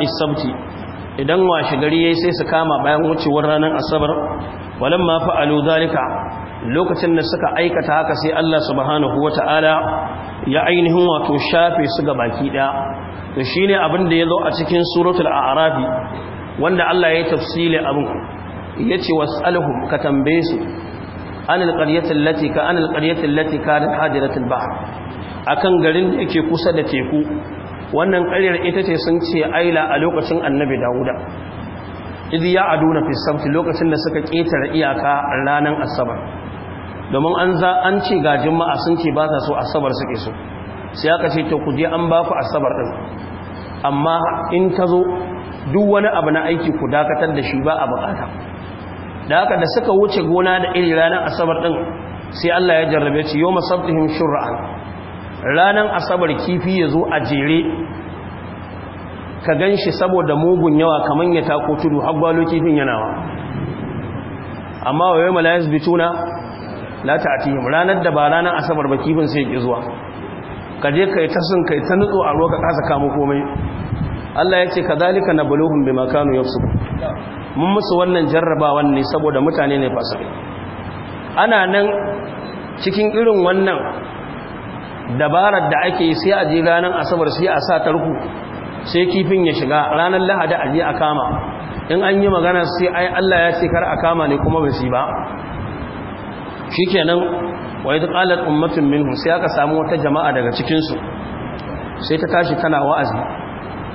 idan washe gari ya sai su kama bayan wucewar ranar asabar falam ma fa'alu zalika lokacin da suka aikata haka sai Allah subhanahu wata'ala ya ainihin wato shafe su ga baki ɗaya to ne abin da ya zo a cikin suratul a'rafi wanda Allah ya yi tafsili abin yace wasalhum ka tambaye su anil qaryati allati ka anil qaryati da kanat ba A kan garin da yake kusa da teku wannan ƙaryar ita ce sun ce aila a lokacin annabi dawuda idi ya aduna fi lokacin da suka ƙetare iyaka ranar asabar domin an ce ga juma'a sun ce ba sa so asabar suke so sai aka ce to ku je an ba ku asabar din amma in ta zo duk wani abu na aiki ku dakatar da shi ba a bukata da haka da suka wuce gona da iri ranar asabar din sai Allah ya jarrabe ci yau masabtihim shur'an ranar asabar kifi ya zo a jere ka gan shi saboda mugun yawa kamar ya tako tudu haggwalo kifin yanawa amma wa yau malayas bituna la ta'atihim ranar da ba ranar asabar ba kifin sai ki zuwa ka je kai ta sun kai ta nutso a roƙa ka kasa kama komai Allah ya ce ka na buluhun bai makanu kanu yafsukun mun musu wannan jarrabawan ne saboda mutane ne fasa ana nan cikin irin wannan dabarar da ake yi sai a je ranar asabar sai a sa tarku sai kifin ya shiga ranar lahadi a je a kama in an yi magana sai ai Allah ya ce kar a kama ne kuma ba shi ba wa idh qalat ummatun minhum sai aka samu wata jama'a daga cikin su sai ta tashi tana wa'azi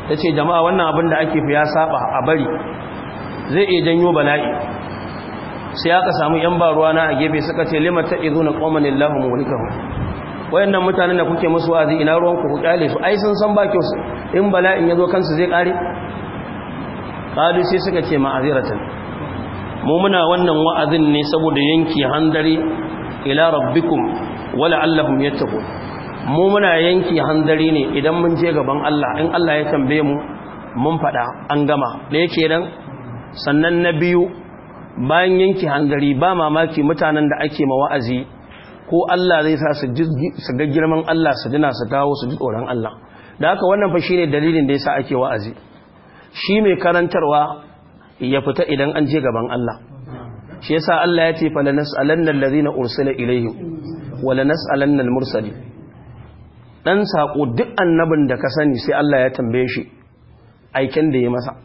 tace jama'a wannan abin da ake fiya ya saba a bari zai iya janyo bala'i sai aka samu yan baruwa na a gefe suka ce lima ta'izuna qauman illahu muhlikuhum wayannan mutanen da kuke musu wa'azi ina ruwan ku kyale su ai sun san ba su in bala'in yazo kansu zai kare qalu sai suka ce ma'aziratan mu muna wannan wa'azin ne saboda yanki handare ila rabbikum wala allahum yattaqun mu muna yanki handare ne idan mun je gaban Allah in Allah ya tambaye mu mun fada an gama da yake dan sannan na biyu bayan yanki handari ba mamaki mutanen da ake ma wa'azi ko Allah zai sa su ga girman Allah su dina su dawo su ji tsoron Allah da haka wannan fa shine dalilin da yasa ake wa'azi shi mai karantarwa ya fita idan an je gaban Allah shi yasa Allah ya ce fa alannal ladina ursila ilaihim wa lanas alannal mursalin dan sako duk annabin da ka sani sai Allah ya tambaye shi aikin da ya masa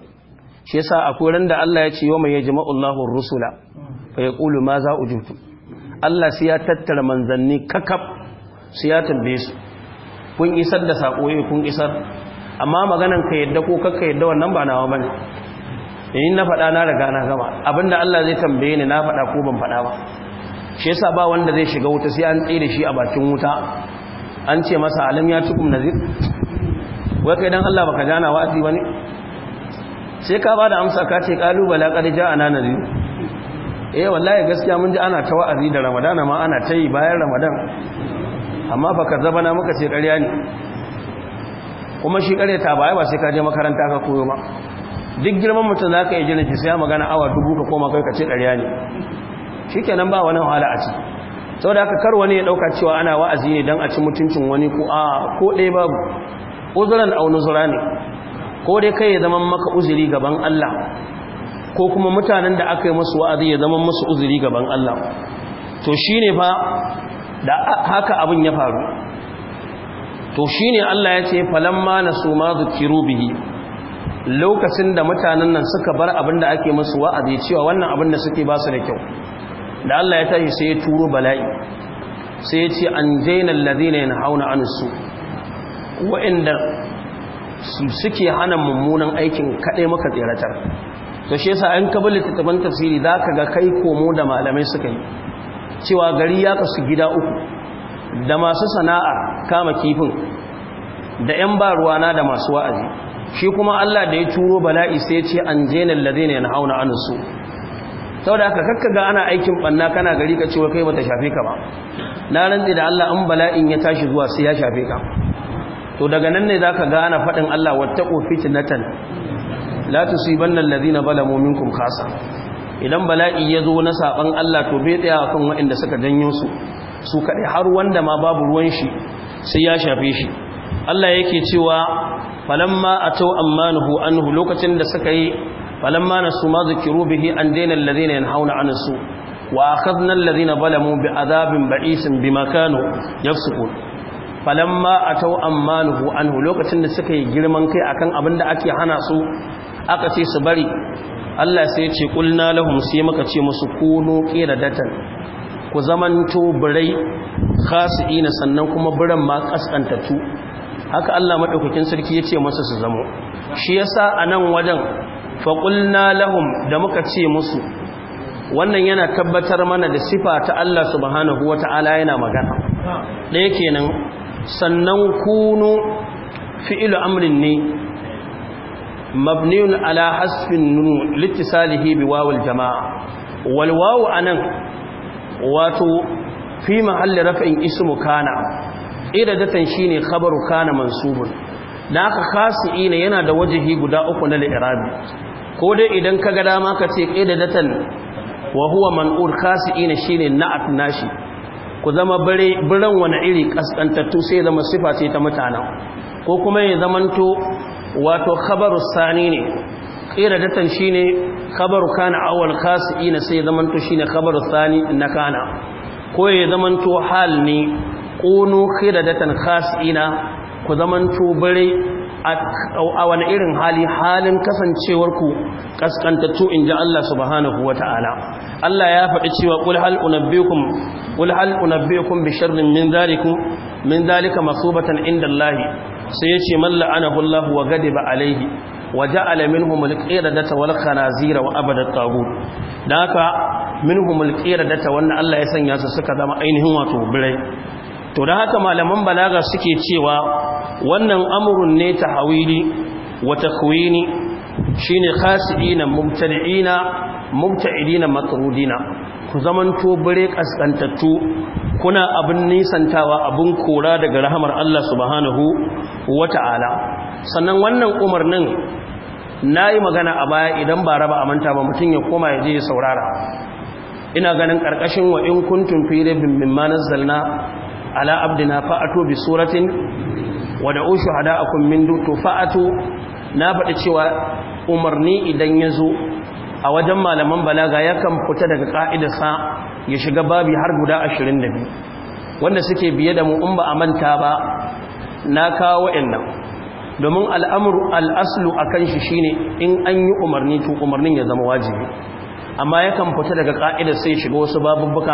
shi yasa akwai randa Allah ya ce wa mai yajma'u Allahu rusula fa yaqulu ma za ujutu. Allah sai ya tattara manzanni kakab sai ya tambaye su kun isar da sako eh, kun isar amma maganan ka yadda ko kakka yadda wannan ba nawa bane Eh, in na faɗa na riga na gama abinda Allah zai tambaye ni na faɗa ko ban faɗa ba shi yasa ba wanda zai shiga wuta sai an tsere shi a bakin wuta an ce masa alim ya tukum nazir wai kai dan Allah baka jana wa'azi bane sai ka bada amsa ka ce bala qad ja'ana nazir eh wallahi gaskiya mun ji ana ta wa'azi da ramadana ma ana ta yi bayan ramadan amma fa na muka ce ƙarya ne kuma shi ƙarya ta baya ba sai ka je makaranta ka koyo ba duk girman mutum za ka yi jinin sai magana awa dubu ka koma kai ka ce ɗariya ne shi kenan ba wani wahala a ci. sau da aka kar wani ya ɗauka cewa ana wa'azi ne don a ci mutuncin wani ko a ko ɗaya babu uzuran au nuzura ne ko dai kai ya zama maka uzuri gaban Allah ko kuma mutanen da aka yi musu wa'azi ya zama musu uzuri gaban Allah to shi ne fa da haka abin ya faru to shi ne Allah ya ce falamma su ma zukiru bihi lokacin da mutanen nan suka bar abin da ake musu wa'azi cewa wannan abin da suke ba su da kyau da Allah ya tashi sai ya turo bala'i sai ya ce an jaina yana hauna an su wa'inda suke hana mummunan aikin kaɗai muka tseratar to shi yasa an kabul littattafan tafsiri ka ga kai komo da malamai suka yi cewa gari ya kasu gida uku da masu sana'a kama kifin da 'yan ba ruwana da masu wa'azi shi kuma Allah da ya turo bala'i sai ce an jena alladhina yanhauna anhu su saboda haka kakka ga ana aikin banna kana gari ka ce kai bata shafe ka ba na rantsi da Allah an bala'in ya tashi zuwa sai ya shafe ka to daga nan ne zaka ga ana fadin Allah wattaqu fitnatan la tusibanna alladhina zalamu minkum khasa idan bala'i ya zo na saban Allah to bai tsaya kan waɗanda suka janyo su su kaɗai har wanda ma babu ruwan shi sai ya shafe shi Allah yake cewa falamma atau ammanuhu anhu lokacin da suka yi falamma nasu ma zikiru bihi an daina alladhina yanhauna an su wa akhadna alladhina zalamu bi ba'isin bima kanu yafsukun falamma atau ammanuhu anhu lokacin da suka yi girman kai akan abin da ake hana su aka ce su bari Allah sai ya ce kulna lahum sai muka ce musu kunu qiradatan ku zamanto birai khasi'ina sannan kuma biran ma kaskantattu haka Allah madaukakin sarki ya ce masa su zamo shi yasa nan wajen faƙulna lahum da muka ce musu wannan yana tabbatar mana da sifa ta Allah subhanahu Ta'ala yana magana ɗaya kenan sannan kunu ilu amrin ne mabniyun ala hasfin nun bi wawul jamaa wal wawu anan wato fi mahalli raf'in ismu kana iradatan shine khabaru kana mansubun da aka ina yana da wajihi guda uku na al-i'rabi ko dai idan kaga dama ka ce iradatan wa huwa man'ur ina shine na'at nashi ku zama bare biran wani iri kaskantattu sai zama sifa ce ta mutanen ko kuma ya zamanto wato khabaru sani ne iradatan shine khabaru kana awwal ina sai zamanto shine khabaru sani na kana ko ya zamanto hal ne kunu khiradatan khasina ku zaman bare a wani irin hali halin kasancewar ku kaskantattu inji Allah subhanahu wataala Allah ya faɗi cewa qul hal unabbiukum qul hal unabbiukum bi sharrin min dhalikum min dhalika masubatan inda sai yace man la'anahu Allah wa gadiba alaihi wa ja'ala minhum al-qiradata wal khanazira wa abada at-taghut dan haka minhum al-qiradata wannan Allah ya sanya su suka zama ainihin wato birai to da haka malaman balaga suke cewa wannan amrun ne ta wata wa takwini shine khasidina mubtadi'ina mubta'idina makrudina ku zamanto bare kaskantattu kuna abin nisantawa abin kora daga rahamar Allah subhanahu wata'ala sannan wannan umarnin nayi magana a baya idan ba raba amanta ba mutum ya koma ya je ya saurara ina ganin ƙarƙashin wa in kuntum fi rabbin mimma nazzalna ala abdina fa'atu bi suratin wa da'u shuhada'akum min dun to fa'atu na faɗi cewa umarni idan ya zo a wajen malaman balaga yakan fita daga ƙa'idarsa ya shiga babi har guda biyu. wanda suke biye da mu in ba a manta ba na kawo wa'annan domin al'amur al'aslu a kan shi shine in an yi umarni to umarnin ya zama wajibi amma yakan fita daga ƙa'idar sai shiga wasu babubbuka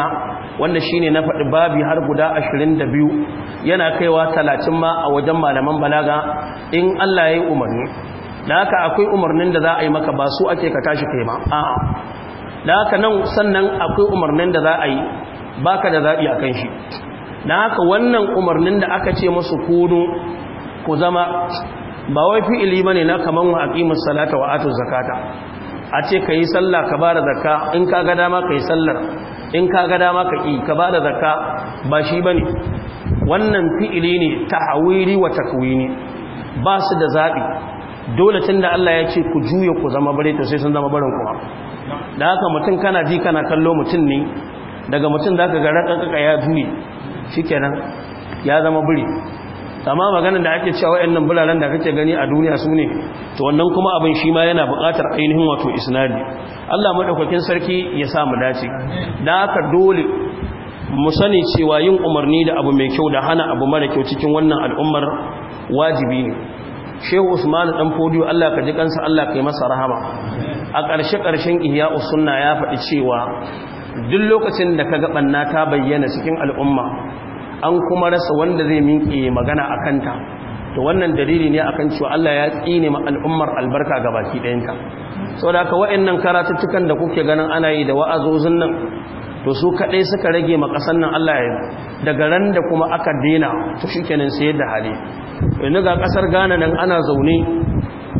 wanda shi ne na faɗi babi har guda 22 yana kaiwa 30 ma a wajen malaman balaga in Allah ya yi umarni da haka akwai umarnin da za a yi maka ba su ake ka tashi kai ma a'a da haka nan sannan akwai umarnin da za a yi ba ka da zaɓi a kan shi da haka wannan umarnin da aka ce masu kudu ku zama ba wai fi'ili ne na kamar wa aqimus salata wa atuz zakata a ce ka yi sallah ka ba da zakka in ka ga dama ka yi sallar in ka ga dama ka yi ka ba da zakka ba shi ba ne wannan fi'ili ne ta hawiri wa takwini ba su da zaɓi dole tun da Allah ya ce ku juya ku zama bare to sai sun zama barin kuma da haka mutum kana ji kana kallo mutum ne daga mutum da aka ga raƙaƙa ya juye shi kenan ya zama biri amma maganar da ake cewa wayannan bulalan da kake gani a duniya su ne to wannan kuma abin shi ma yana buƙatar ainihin wato isnadi Allah madaukakin sarki ya sa mu dace dan haka dole mu sani cewa yin umarni da abu mai kyau da hana abu mara kyau cikin wannan al'ummar wajibi ne shehu usman dan fodiyo Allah ka ji kansa Allah ka yi masa rahama a ƙarshe ƙarshen ihya usunna ya faɗi cewa duk lokacin da ka ga banna ta bayyana cikin al'umma an kuma rasa wanda zai minke magana a kanta to wannan dalili ne akan cewa Allah ya tsine ma al'ummar albarka ga baki ɗayanta saboda haka waɗannan karatuttukan da kuke ganin ana yi da wa'azozin nan to su kaɗai suka rage ma ƙasar nan Allah ya daga ran da kuma aka dena to shikenan sai da hali yanzu ga ƙasar Ghana nan ana zaune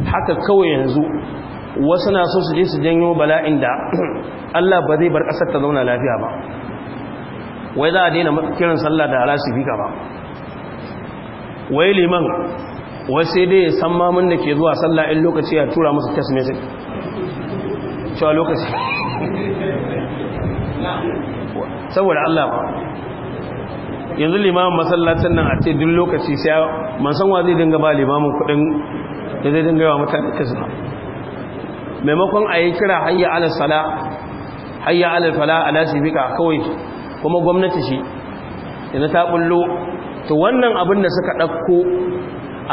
haka kawai yanzu wasu na so su je su janyo bala'in da Allah ba zai bar kasar ta zauna lafiya ba wai za a daina kiran sallah da alasifika ba wai liman wai sai dai san mamun da ke zuwa sallah in lokaci ya tura musu test message cewa lokaci saboda Allah ba yanzu limamin masallacin nan a ce duk lokaci sai man wa zai dinga ba limamin kudin da zai dinga yawa mutane test ba maimakon a yi kira hayya alasala hayya alasala fala kawai kuma gwamnati shi ina ta bullo to wannan abin da suka ɗauko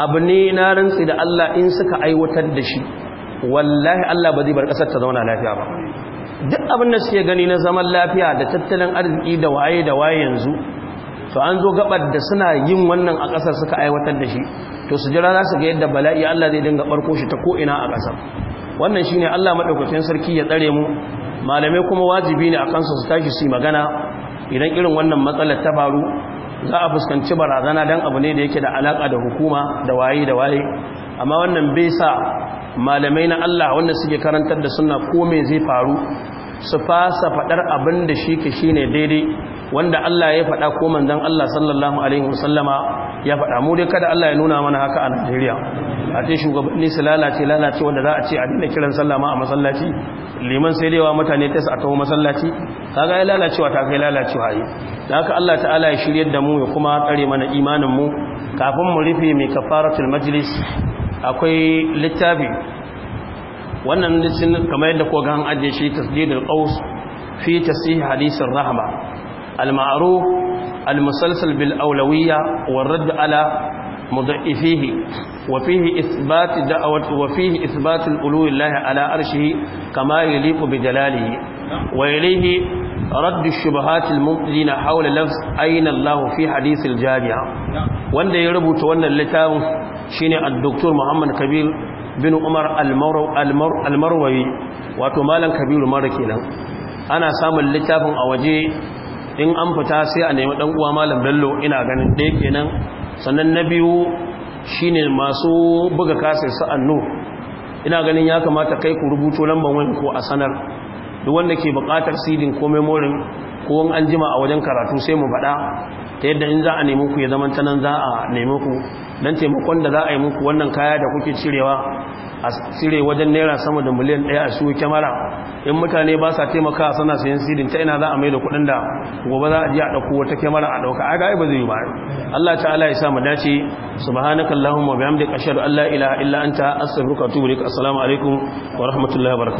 abu ne na rantsi da Allah in suka aiwatar da shi wallahi Allah ba zai bar ƙasar ta zauna lafiya ba duk abin da suke gani na zaman lafiya da tattalin arziki da waye da waye yanzu to an zo gabar da suna yin wannan a ƙasar suka aiwatar da shi to su jira za su ga yadda bala'i Allah zai dinga barko shi ta ina a ƙasar wannan shine Allah madaukakin sarki ya tsare mu malamai kuma wajibi ne a kansu su tashi su yi magana idan irin wannan matsalar ta faru za a fuskanci barazana don abu ne da yake da alaka da hukuma da waye da waye amma wannan bai sa malamai na Allah wanda suke karantar da suna ko me zai faru su fasa faɗar abin da shi ke shi ne daidai wanda Allah ya faɗa ko manzon Allah sallallahu alaihi wasallama ya faɗa mu dai kada Allah ya nuna mana haka a Najeriya a ce shugabanni su lalace lalace wanda za a ce a dina kiran sallah ma a masallaci liman sai wa mutane ta a taho masallaci kaga ya lalacewa ta kai lalacewa yi da haka Allah ta'ala ya shirya da mu ya kuma tsare mana imanin mu kafin mu rufe mai kafaratul majlis akwai littafi wannan littafin kamar yadda ko ga an ajiye shi tasdidul qaus fi tasih hadisin rahma al-ma'ruf al-musalsal bil awlawiyya wa radd ala مضعفيه وفيه إثبات دعوة وفيه إثبات الألو الله على عرشه كما يليق بجلاله وإليه رد الشبهات المبتلين حول لفظ أين الله في حديث الجامعة وأن يربط وأن اللتاو شيني الدكتور محمد كبير بن عمر المرو المرو المروي وتمالا كبير مركنا أنا سام اللتاف أوجيه in an fita sai a nemi ɗan’uwa uwa malam bello ina ganin ɗaya kenan sannan na biyu shine masu buga kasa su annu ina ganin ya kamata kai ku rubuto lambar wani ko a sanar duk wanda ke buƙatar sidin ko memorin ko an jima a wajen karatu sai mu faɗa ta yadda in za a nemi ku ya zama ta za a nemi ku don taimakon da za a yi muku wannan kaya da kuke cirewa a cire wajen naira sama da miliyan ɗaya a su kyamara in mutane ba sa taimaka sana sayan sirin ta ina za a mai da kuɗin da gobe za a ji a ɗauko wata kyamara a ɗauka a ga'ai ba zai yi ba Allah ta'ala ya sa mu dace subhanaka allahumma bihamdika ashhadu an la ilaha illa anta astaghfiruka wa atubu assalamu alaikum wa rahmatullahi wa barakatuh